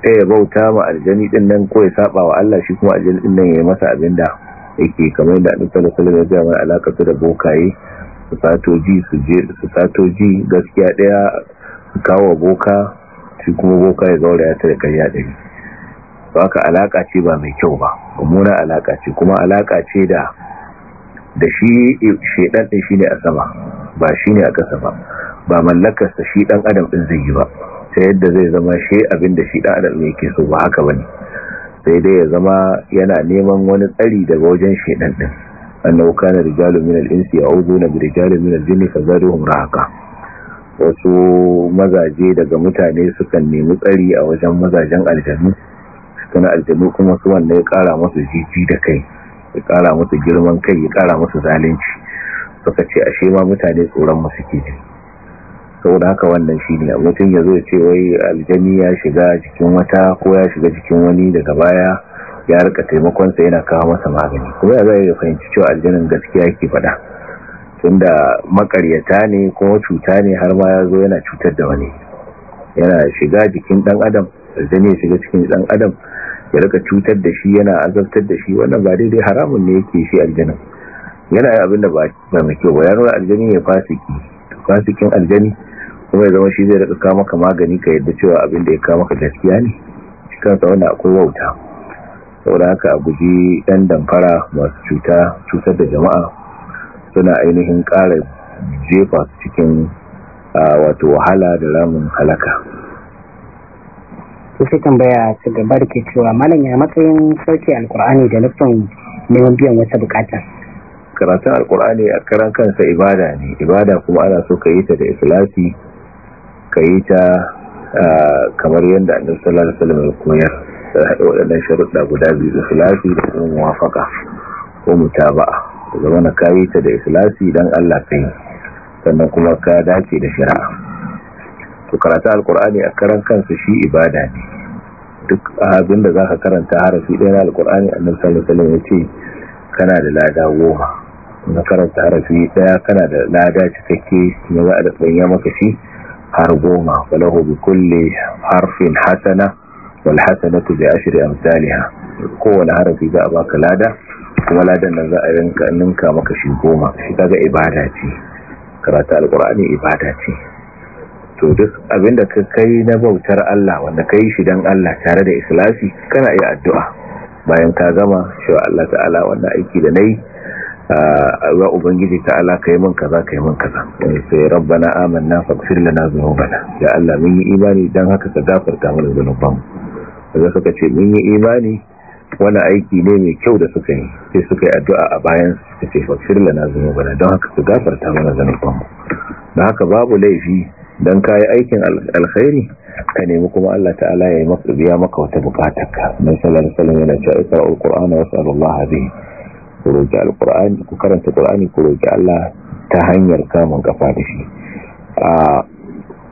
ta ya bauta ma aljani din nan ko ya saba wa Allah shi kuma aljani din nan ya yi masa abin da yake kamar da annabi sallallahu alaihi wasallam ya ga mana alakar da bokaye su sato ji su je su sato ji gaskiya daya su kawo boka shi kuma boka ya zaure ya tare karya ɗari ba ka alaka ce ba mai kyau ba mummuna alaka ce kuma alaka ce da da shi shaidan ɗin shi ne a sama ba shi a ƙasa ba ba mallakarsa shi dan adam ɗin zai yi ba ta yadda zai zama shi abin shi ɗan adam yake so ba haka bane sai dai ya zama yana neman wani tsari daga wajen shaidan ɗin annahu kana rijalun minal insi ya'uduna bi rijalin ka jinni fazaduhum rahaqa wasu mazaje daga mutane sukan nemi tsari a wajen mazajen aljanu sukan aljanu kuma su wanda ya kara musu jiji da kai ya kara musu girman kai ya kara musu zalunci suka ce ashe ma mutane tsoron musu ke Sau saboda haka wannan shi ne mutum ya zo ya ce wai aljani ya shiga jikin wata ko ya shiga jikin wani daga baya ya rika taimakonsa yana kawo masa magani kuma ya zai fahimci cewa aljanin gaskiya yake faɗa tunda makaryata ne kuma cuta ne har ma ya zo yana cutar da wani yana shiga jikin dan adam aljani ya shiga cikin dan adam ya rika cutar da shi yana azabtar da shi wannan ba daidai haramun ne yake shi aljanin yana abin da ba mai kyau ba ya nuna aljani ya fasiki fasikin aljani kuma ya zama shi zai rika kama maka magani ka yadda cewa abin da ya kama maka gaskiya ne cikin sa wanda akwai wauta saboda haka a guji ɗan damfara masu cuta cutar da jama'a suna ainihin ƙara jefa cikin wato wahala da ramin halaka sai tambaya su gaba da ke cewa malam ya matsayin sauke alkur'ani da nufin neman biyan wata bukata karatun alkur'ani a karan kansa ibada ne ibada kuma ana so ka yi ta da ikilasi ka yi ta kamar yadda annabi sallallahu alaihi wasallam ya koyar sai haɗe waɗannan sharuɗa guda biyu da islasi da kuma muwafaka ko mutaba'a da wani kayi ta da islasi don Allah yi sannan kuma ka dace da shari'a to karata al'kur'ani a karan kansu shi ibada ne duk abin da zaka karanta harafi ɗaya na al'kur'ani nan sallallahu alaihi ya yace kana da lada goma na karanta harafi ɗaya kana da lada cikakke ne za a da maka shi har goma balahu bi kulle harfin hasana wal hasanatu bi ashri amsalha kowane harafi za a baka lada kuma ladan nan za a rinka ninka maka shi goma shi kaga ibada ce karatu alqur'ani ibada ce to duk abinda ka kai na bautar Allah wanda kai shi dan Allah tare da ikhlasi kana iya addu'a bayan ka gama shi Allah ta'ala wannan aiki da nayi ya ubangiji ta kai mun kaza kai mun kaza. kaza sai rabbana amanna faghfir lana dhunubana ya Allah mun yi imani dan haka ka gafarta mana dhunubanmu da suka ce mun yi imani wani aiki ne mai kyau da suka yi sai suka yi addu'a a bayan suka ce na zama bana don haka su gafarta mana zanubanmu da haka babu laifi don kayi aikin alkhairi ka nemi kuma Allah ta'ala ya yi maka biya maka wata bukatarka mai salar alaihi yana cewa ikra alqur'ana was'alullah bihi ku roki alkur'ani ku karanta qur'ani ku roki Allah ta hanyar kamun kafa da shi a ah,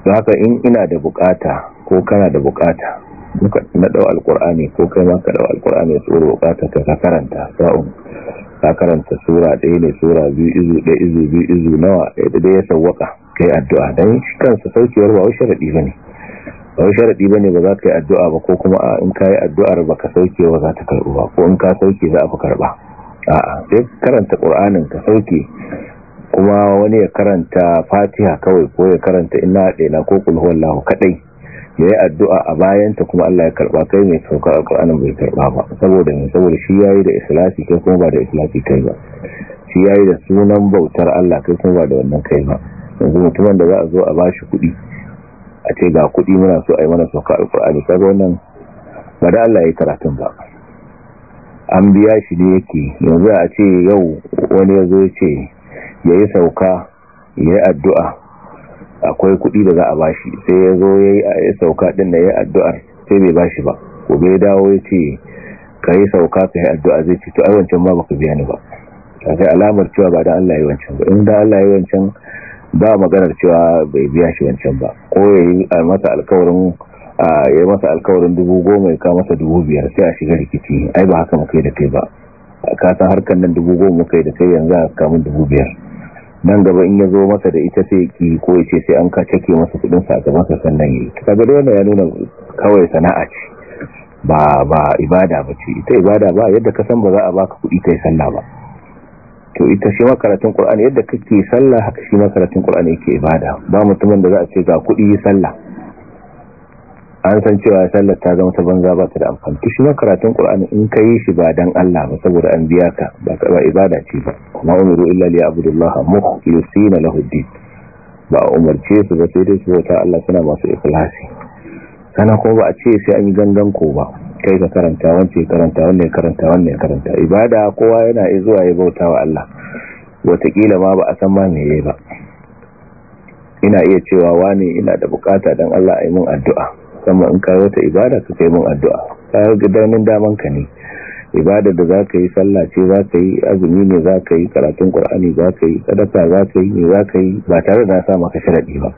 haka in ina da bukata ko kana da bukata duka na dau alqur'ani ko kai ma ka dau alqur'ani su bukata ka karanta sa'un ka karanta sura ɗaya ne sura biyu izu ɗaya izu biyu izu nawa da dai ya sawwaka kai addu'a don shi kansa saukewar ba wai ba bane ba wai ba bane ba za ka yi addu'a ba ko kuma a in yi addu'ar ba ka sauke ba za ta karbu ba ko in ka sauke za a fi karba a'a sai karanta qur'anin ka sauke kuma wani ya karanta fatiha kawai ko ya karanta inna ɗaya ko kulhuwallahu kaɗai. ya yi addu'a a bayanta kuma Allah ya karɓa kai mai saukar alƙar'anin bai karɓa ba saboda mai saboda shi yayi da islasi kai kuma ba da islasi kai ba shi ya da sunan bautar Allah kai kuma ba da wannan kai ba yanzu mutumin da za a zo a ba shi kuɗi a ce ga kuɗi muna so a yi mana saukar alƙur'ani kaga wannan ba da Allah ya yi karatun ba an biya shi ne yake yanzu a ce yau wani ya zo ce ya yi sauka ya addu'a akwai kuɗi da za a bashi sai ya zo ya sauka ɗin da ya addu'ar sai bai bashi ba gobe ya dawo ya ce ka yi sauka ka yi addu'a zai ce to ai wancan ba baka biya ni ba kaga alamar cewa ba da Allah yi wancan ba in da Allah yi wancan ba maganar cewa bai biya shi wancan ba ko ya yi masa alkawarin ya masa alkawarin dubu goma ya masa dubu biyar sai a shiga rikici ai ba haka mu kai da kai ba ka san harkar nan dubu goma mu kai da kai yanzu a kamun dubu biyar nan gaba in ya zo masa da ita sai ki ko ya ce sai an ka cake masa kudin sa gaban masa sannan yi kaga da wannan ya nuna kawai sana'a ce ba ba ibada ba ce ita ibada ba yadda ka san ba za a baka kudi kai salla ba to ita shi makaratun qur'ani yadda kake salla haka shi makaratun qur'ani yake ibada ba mutumin da za a ce ga kudi salla. an san cewa sallar ta zama ta banza ba ta da amfani to shi ne karatun qur'ani in ka yi shi ba dan Allah ba saboda an biya ka ba ka ba ibada ce ba kuma umiru illa li abdullah mukhlisin lahu din ba umarce su ba sai dai su ta Allah suna masu ikhlasi kana ko ba a ce sai an yi gangan ko ba kai ka karanta wance karanta wanne karanta wanne karanta ibada kowa yana zuwa ya bauta wa Allah wataƙila ma ba a san ma me ba ina iya cewa wani ina da bukata dan Allah a yi mun addu'a musamman in kayi wata ibada ka kai mun addu'a kayan gudanin daman ka ne ibada da za ka yi sallah ce za ka yi azumi ne za ka yi karatun ƙur'ani za ka yi sadaka za ka yi ne za ka yi ba tare da sa maka sharaɗi ba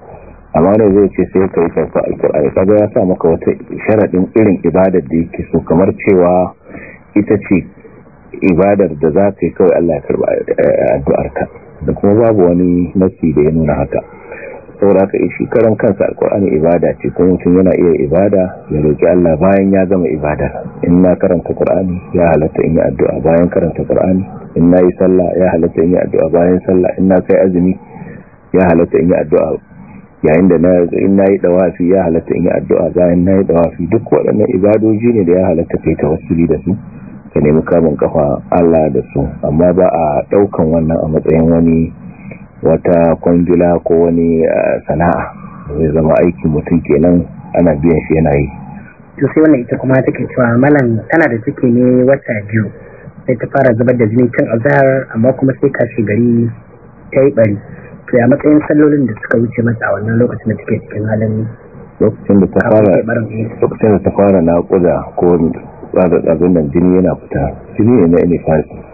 amma ne zai ce sai ka yi karfa alƙur'ani kaga ya sa maka wata sharaɗin irin ibadar da yake so kamar cewa ita ce ibadar da za ka yi kawai Allah ya karɓa eh, addu'arka da kuma babu wani nasi da ya nuna haka saboda haka eh, shi karan kansa alkur'ani ibada ce kuma mutum yana iya ibada ya roki Allah bayan ya gama ibada in na karanta qur'ani ya halatta in yi addu'a bayan karanta qur'ani in na yi sallah ya halatta in yi addu'a bayan sallah in na kai azumi ya halatta in yi addu'a yayin da na in yi dawafi ya halatta in yi addu'a bayan nayi dawafi duk waɗannan ibadoji ne da ya halatta kai tawassuli da su ka nemi kamun kafa Allah da su amma ba a ɗaukan wannan a matsayin wani wata kwangila ko wani eh, sana'a zai zama aiki mutum kenan ana biyan shi yana yi to sai wannan ita kuma take cewa malam tana da ciki ne wata biyu sai ta fara zubar da jini tun azhar amma kuma sai kashi gari ta yi bari to ya matsayin sallolin da suka wuce mata a wannan lokacin da take cikin halin lokacin da ta fara lokacin da ta fara naƙuda ko tsazazazin nan jini yana fita jini ne na inifasi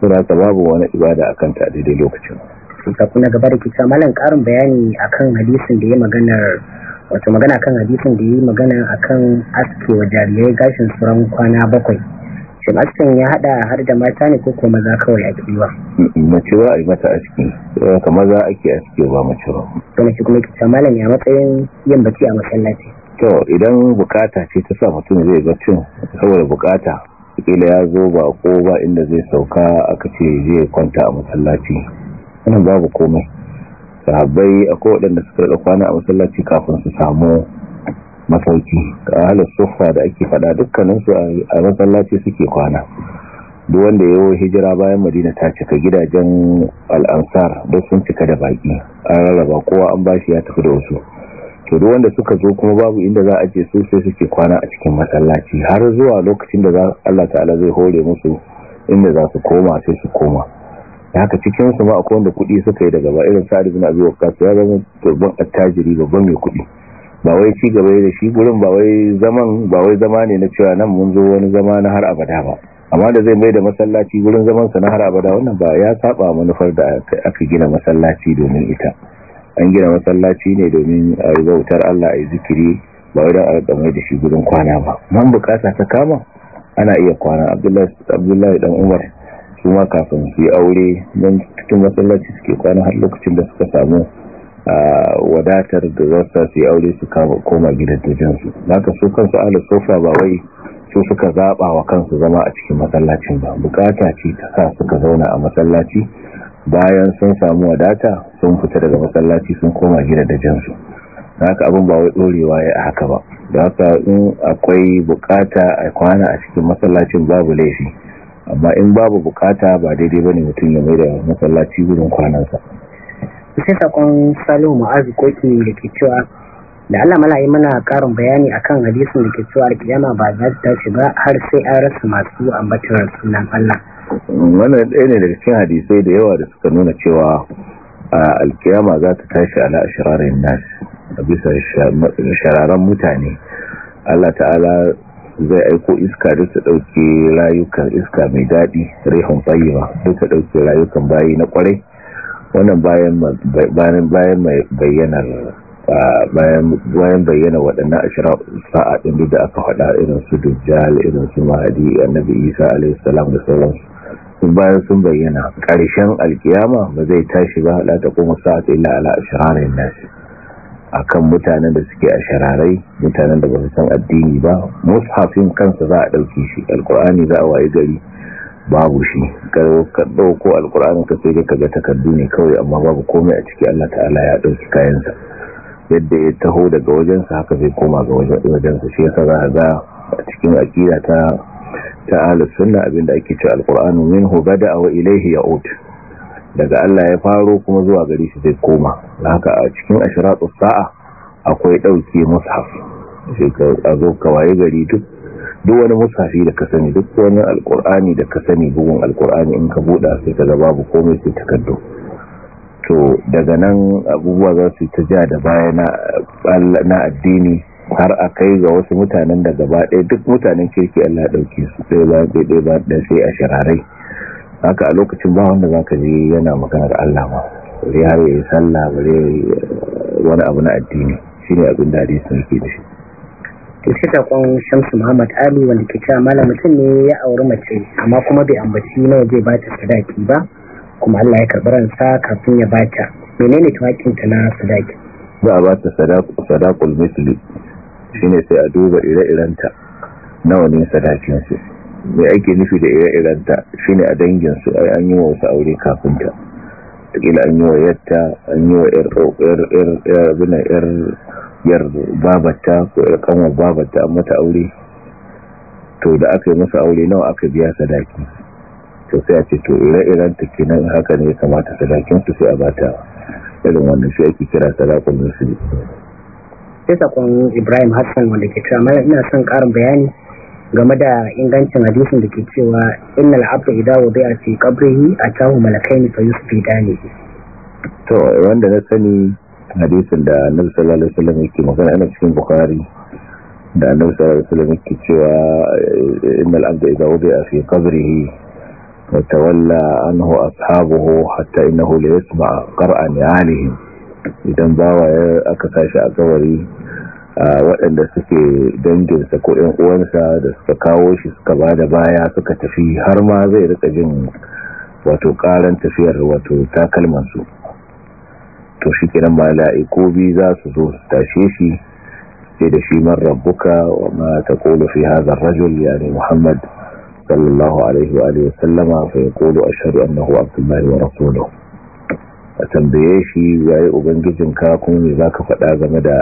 suna ta babu wani ibada a kanta a lokacin na gaba da kita malam karin bayani akan hadisin da ya maganar wato magana kan hadisin da ya yi magana akan aske wa jarirai gashin tsoron kwana bakwai shi askin ya hada har da mata ne ko kuma za kawai a kiwa mace ba a yi mata aski eh, ka maza ake aski ba mace ba to mace kuma kita malam ya matsayin yin baki a masallaci to idan bukata ce ta sa mutum zai ga cin saboda bukata kila ya zo ba ko ba inda zai sauka aka ce zai kwanta a masallaci wannan babu komai sahabbai akwai waɗanda suka da kwana a masallaci kafin su samu masauki ga halar sufa da ake faɗa dukkaninsu a masallaci suke kwana duk wanda ya hijira bayan madina ta cika gidajen al'ansar da sun cika da baƙi an rarraba kowa an bashi ya tafi da wasu to duk wanda suka zo kuma babu inda za a je su sai suke kwana a cikin masallaci har zuwa lokacin da za Allah ta'ala zai hore musu inda za su koma sai su koma da haka cikin su ma akwai wanda kuɗi suka yi daga ba irin sa'adu ibn abi kasu ya zama babban attajiri babban mai kuɗi ba wai ci gaba da shi gurin ba wai zaman ba wai zama ne na cewa nan mun zo wani zama na har abada ba amma da zai mai da masallaci gurin zaman na har abada wannan ba ya saba manufar da aka gina masallaci domin ita an gina masallaci ne domin a yi bautar Allah a yi zikiri ba wai don a rika da shi gurin kwana ba man bukata ta kama ana iya kwana abdullahi dan umar su ma kafin su yi aure don cikin masallaci suke kwana har lokacin da suka samu a wadatar da za su yi aure su koma gidan na ka so kansu ala sofa ba wai su suka zaɓa wa kansu zama a cikin masallacin ba bukata ce ta sa suka zauna a masallaci bayan sun samu wadata sun fita daga masallaci sun koma gidan tajinsu haka abin ba wai ɗorewa ya haka ba da haka in akwai bukata a kwana a cikin masallacin babu laifi amma in babu bukata ba daidai bane mutum ya mai da masallaci wurin kwanansa sai sakon salihu ma'azu koki da ke cewa da Allah yi mana karin bayani akan hadisin da ke cewa alkiyama ba za ta tashi ba har sai an rasa masu ambatar sunan Allah wannan ɗaya ne daga cikin hadisai da yawa da suka nuna cewa alkiyama za ta tashi ala shirarin nas a bisa shararren mutane Allah ta'ala zai aiko iska da ta dauke rayukan iska mai dadi rihun tayyiba da ta dauke rayukan bayi na kwarai wannan bayan bayan bayyanar bayan bayyana waɗannan ashirar sa'a ɗin da aka haɗa irin su dujjal irin su mahadi annabi isa alaihissalam da sauransu sun bayan sun bayyana ƙarshen alkiyama ba zai tashi ba hada ta kuma sa'a illa ala ashirar nashi akan mutanen da suke a shararai mutanen da ba su san addini ba mushafin kansa za a ɗauki shi alkur'ani za a waye gari babu shi ka dauko alkur'ani ka sai ka ga takardu ne kawai amma babu komai a ciki allah ta'ala ya ɗauki kayansa yadda ya taho daga wajensa haka zai koma ga wajensa shi yasa za a ga a cikin aƙida ta ta ahlus sunna abinda ake cewa alqur'anu minhu bada'a wa ilayhi ya'ud daga Allah ya faro kuma zuwa gari shi zai koma haka a cikin ashiratu sa'a akwai ɗauke mushaf a zo waye gari duk wani mushafi da ka sani duk wani alkur'ani da ka sani bugun alkur'ani in ka buɗa sai ka babu komai sai takardu to daga nan abubuwa za su ta ja da baya na addini har a kai ga wasu mutanen da gaba ɗaya duk mutanen kirki Allah ɗauke su ɗaya ba ɗaya ba ɗaya sai a shirarai haka a lokacin ba wanda ka ji yana maganar Allah ba bare har yi sallah bare eh, wani abu na addini shi ne abin da hadisun yake da shi ta ce takon Shamsu Muhammad Ali wanda ke cewa malam mutum ne ya auri mace amma kuma bai ambaci nawa zai bata sadaki ba kuma Allah ya karɓar ransa kafin ya bata menene tuwakin ta na sadaki za a bata ta sadakul misli shine sai a duba ire-irenta nawa ne sadakin su mai ake nufi da ire-irenta shi ne a danginsu ai an yi wa wasu aure kafinta takila an yi wa yatta an yi wa yar babata ko yar kama babata an mata aure to da aka yi masa aure nawa aka biya sadaki to sai a ce to ire-irenta nan haka ne kamata sadakinsu sai a bata irin wannan shi ake kira sadakun musulmi sai sakon ibrahim hassan wanda ke cewa ina son karin bayani game da ingancin hadisin da ke cewa innal abda idza wudi'a fi qabrihi atahu malakaini fa yusfidani to wanda na sani hadisin da annabi sallallahu alaihi wasallam yake magana ana cikin bukhari da annabi sallallahu alaihi wasallam yake cewa innal abda idza wudi'a fi qabrihi watawalla anhu ashabuhu hatta innahu la yasma' qara'an alihim idan bawa aka sashi a kawari waɗanda suke danginsa ko ɗan uwansa da suka kawo shi suka ba da baya suka tafi har ma zai rika jin wato ƙaran tafiyar wato takalmansu to shi kiran mala'iku bi za su zo su tashe shi sai da shi man rabbuka wa ma taqulu fi hadha ar-rajul yani muhammad sallallahu alaihi wa alihi wa sallama fa yaqulu ashhadu annahu abdullahi wa rasuluhu a tambaye shi yayi ubangijin ka kuma me ka faɗa game da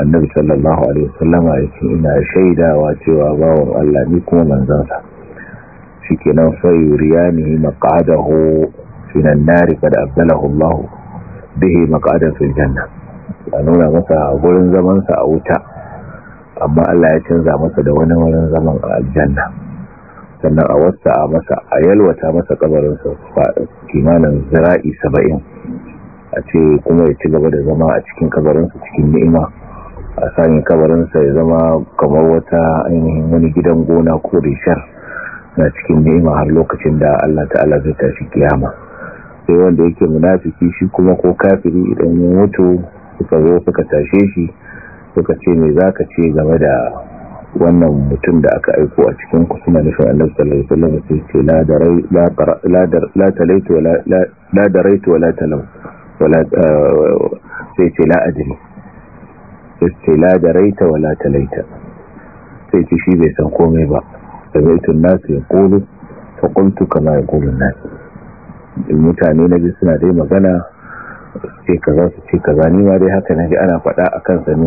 annabi sallallahu alaihi wasallama yace ina shaidawa cewa bawan Allah ni kuma manzansa shikenan fa yuriyani maq'adahu finan nari qad abdalahu Allah bihi maq'adan fil janna a nuna masa a gurin zamansa a wuta amma Allah ya canza masa da wani wurin zaman a aljanna sannan a wasta a masa a yalwata masa kabarinsa kimanin zira'i saba'in a ce kuma ya ci gaba da zama a cikin kabarinsa cikin ni'ima a sani kabarinsa ya zama kamar wata ainihin wani gidan gona ko rishar na cikin ni'ima har lokacin da Allah ta'ala zai tashi kiyama sai wanda yake munafiki shi kuma ko kafiri idan ya mutu suka zo suka tashe shi suka ce me ka ce game da wannan mutum da aka aiko a cikin ku suna nufin annabi sallallahu alaihi wasallam sai ce la darai la talaitu wala la daraitu wala talau wala eh, sai ce la adri sai ce la daraita wala talaita sai ce shi bai san komai ba sabaitu nasu ya kulu fa qultu kama yaqulu nas mutane na ji suna dai magana su ce kaza su ce kaza ni ma dai haka na ji ana faɗa a kansa ni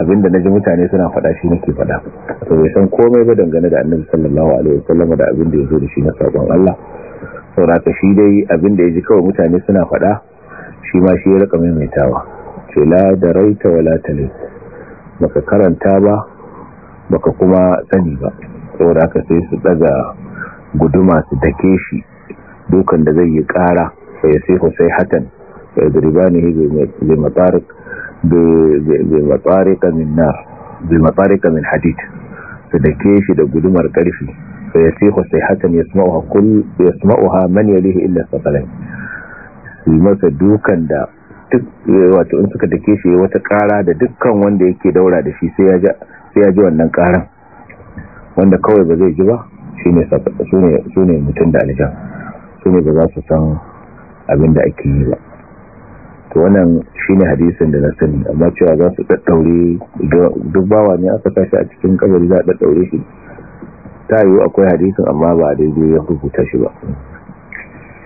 abinda naji mutane suna faɗa shi nake faɗa to bai san komai ba dangane da annabi sallallahu alaihi wasallam da abin da zo da shi na sabon Allah sauraka shi dai abin da ji kawai mutane suna faɗa shi ma shi ya rika maimaitawa ce la daraita wala ne. baka karanta ba baka kuma sani ba sauraka sai su daga guduma su dake shi dukan da zai yi kara sai sai hatan فيضربانه بمطارق بمطارق من نار بمطارق من حديد فدكيش ده قدمر قرفي فيسيخ صيحة يسمعها كل يسمعها من يليه إلا ثقلين masa dukan da duk wato in suka dake shi wata kara da dukkan wanda yake daura da shi sai ya ji wannan karan wanda kawai ba zai ji ba Su ne mutum da alijan su ba za su san abin da ake yi ba to wannan shine hadisin da na sani amma cewa za su daddaure duk bawa ne aka tashi a cikin kabari za a daddaure shi ta yiwu akwai hadisin amma ba daidai ya rubuta shi ba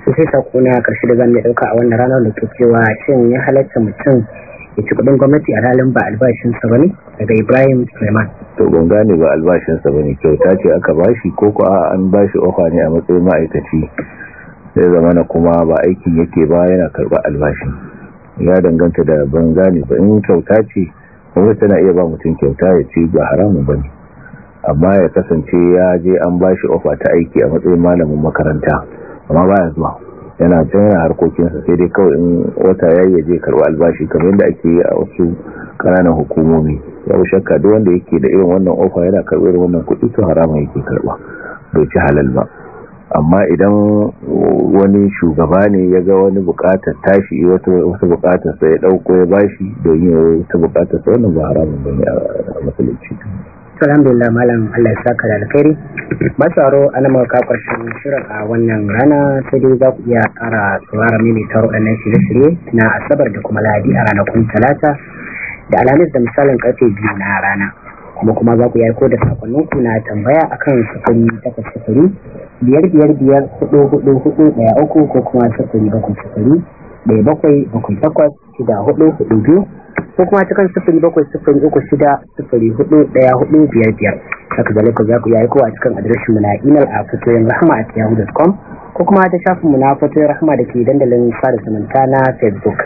su sai sako na karshe da zan dauka a wannan ranar da ke cewa shin ya halatta mutum ya ci kudin gwamnati a halin ba albashinsa ba ne daga ibrahim suleiman to ban gane ba albashinsa ba ne kyauta ce aka bashi ko ko an bashi ofa ne a matsayin ma'aikaci zai zama na kuma ba aikin yake ba yana karɓar albashin ya danganta da ban gani ba in kyauta ce wani tana iya ba mutum kyauta ya ce ba haramun ba ne amma ya kasance ya je an ba shi ofa ta aiki a matsayin malamin makaranta amma baya zuwa yana can harkokinsa sai dai kawai in wata yayi je karɓi albashi kamar yadda ake yi a wasu ƙananan hukumomi yau shakka duk wanda yake da irin wannan ofa yana karɓar wannan kuɗi to haramun yake karba bai ci halal ba amma idan wani shugaba ne ya ga wani bukatar tashi wata bukatar sai ya dauko ya bashi don yi wata bukatar sai wannan ba haramun bane a musulunci alhamdulillah malam Allah ya saka da alkhairi Masu aro, maka karshen shirin a wannan rana sai dai za ku iya ƙara tsara mini taro nan shirye-shirye na asabar da kuma lahadi a ranakun talata da alhamis da misalin karfe biyu na rana kuma kuma za ku yi aiko da sakonnin ku na tambaya akan sufuri takwas sufuri biyar biyar biyar hudu hudu hudu daya uku ko kuma sufuri bakwai sufuri ɗaya bakwai bakwai takwas shida hudu hudu biyu ko kuma ta sufuri bakwai sufuri uku shida sufuri hudu ɗaya hudu biyar biyar haka zalika za ku yi kowa a cikin adireshin mu na imel a fatoyin rahama a yahoo.com ko kuma ta shafin mu na fatoyin rahama da ke dandalin sada zumunta na facebook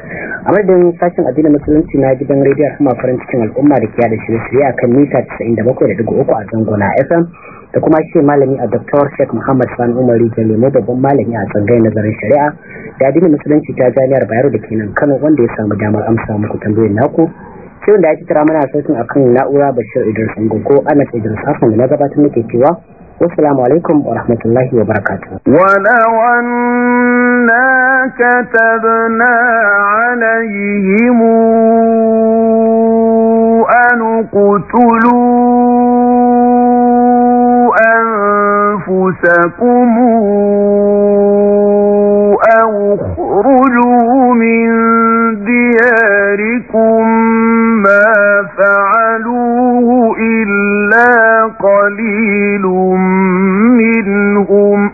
a madadin sashen addinin musulunci na gidan rediyon rahama farin cikin al'umma da ke yada shirye-shirye a kan mita 97.3 a zangona fm da kuma shi malami a Dr. Sheikh Muhammad San Umar Rijal nemo babban malami a tsangai nazarin shari'a da addinin musulunci ta jami'ar Bayero da kenan Kano wanda ya samu damar amsa muku tambayoyin naku shirin da ya kitara mana mana sautin akan na'ura Bashir Idris Ngogo Anas Idris Hassan da na gabatar muke cewa wassalamu alaikum wa rahmatullahi wa barakatu wa كتبنا عليهم أن أنفسكم أو اخرجوا من دياركم ما فعلوه إلا قليل منهم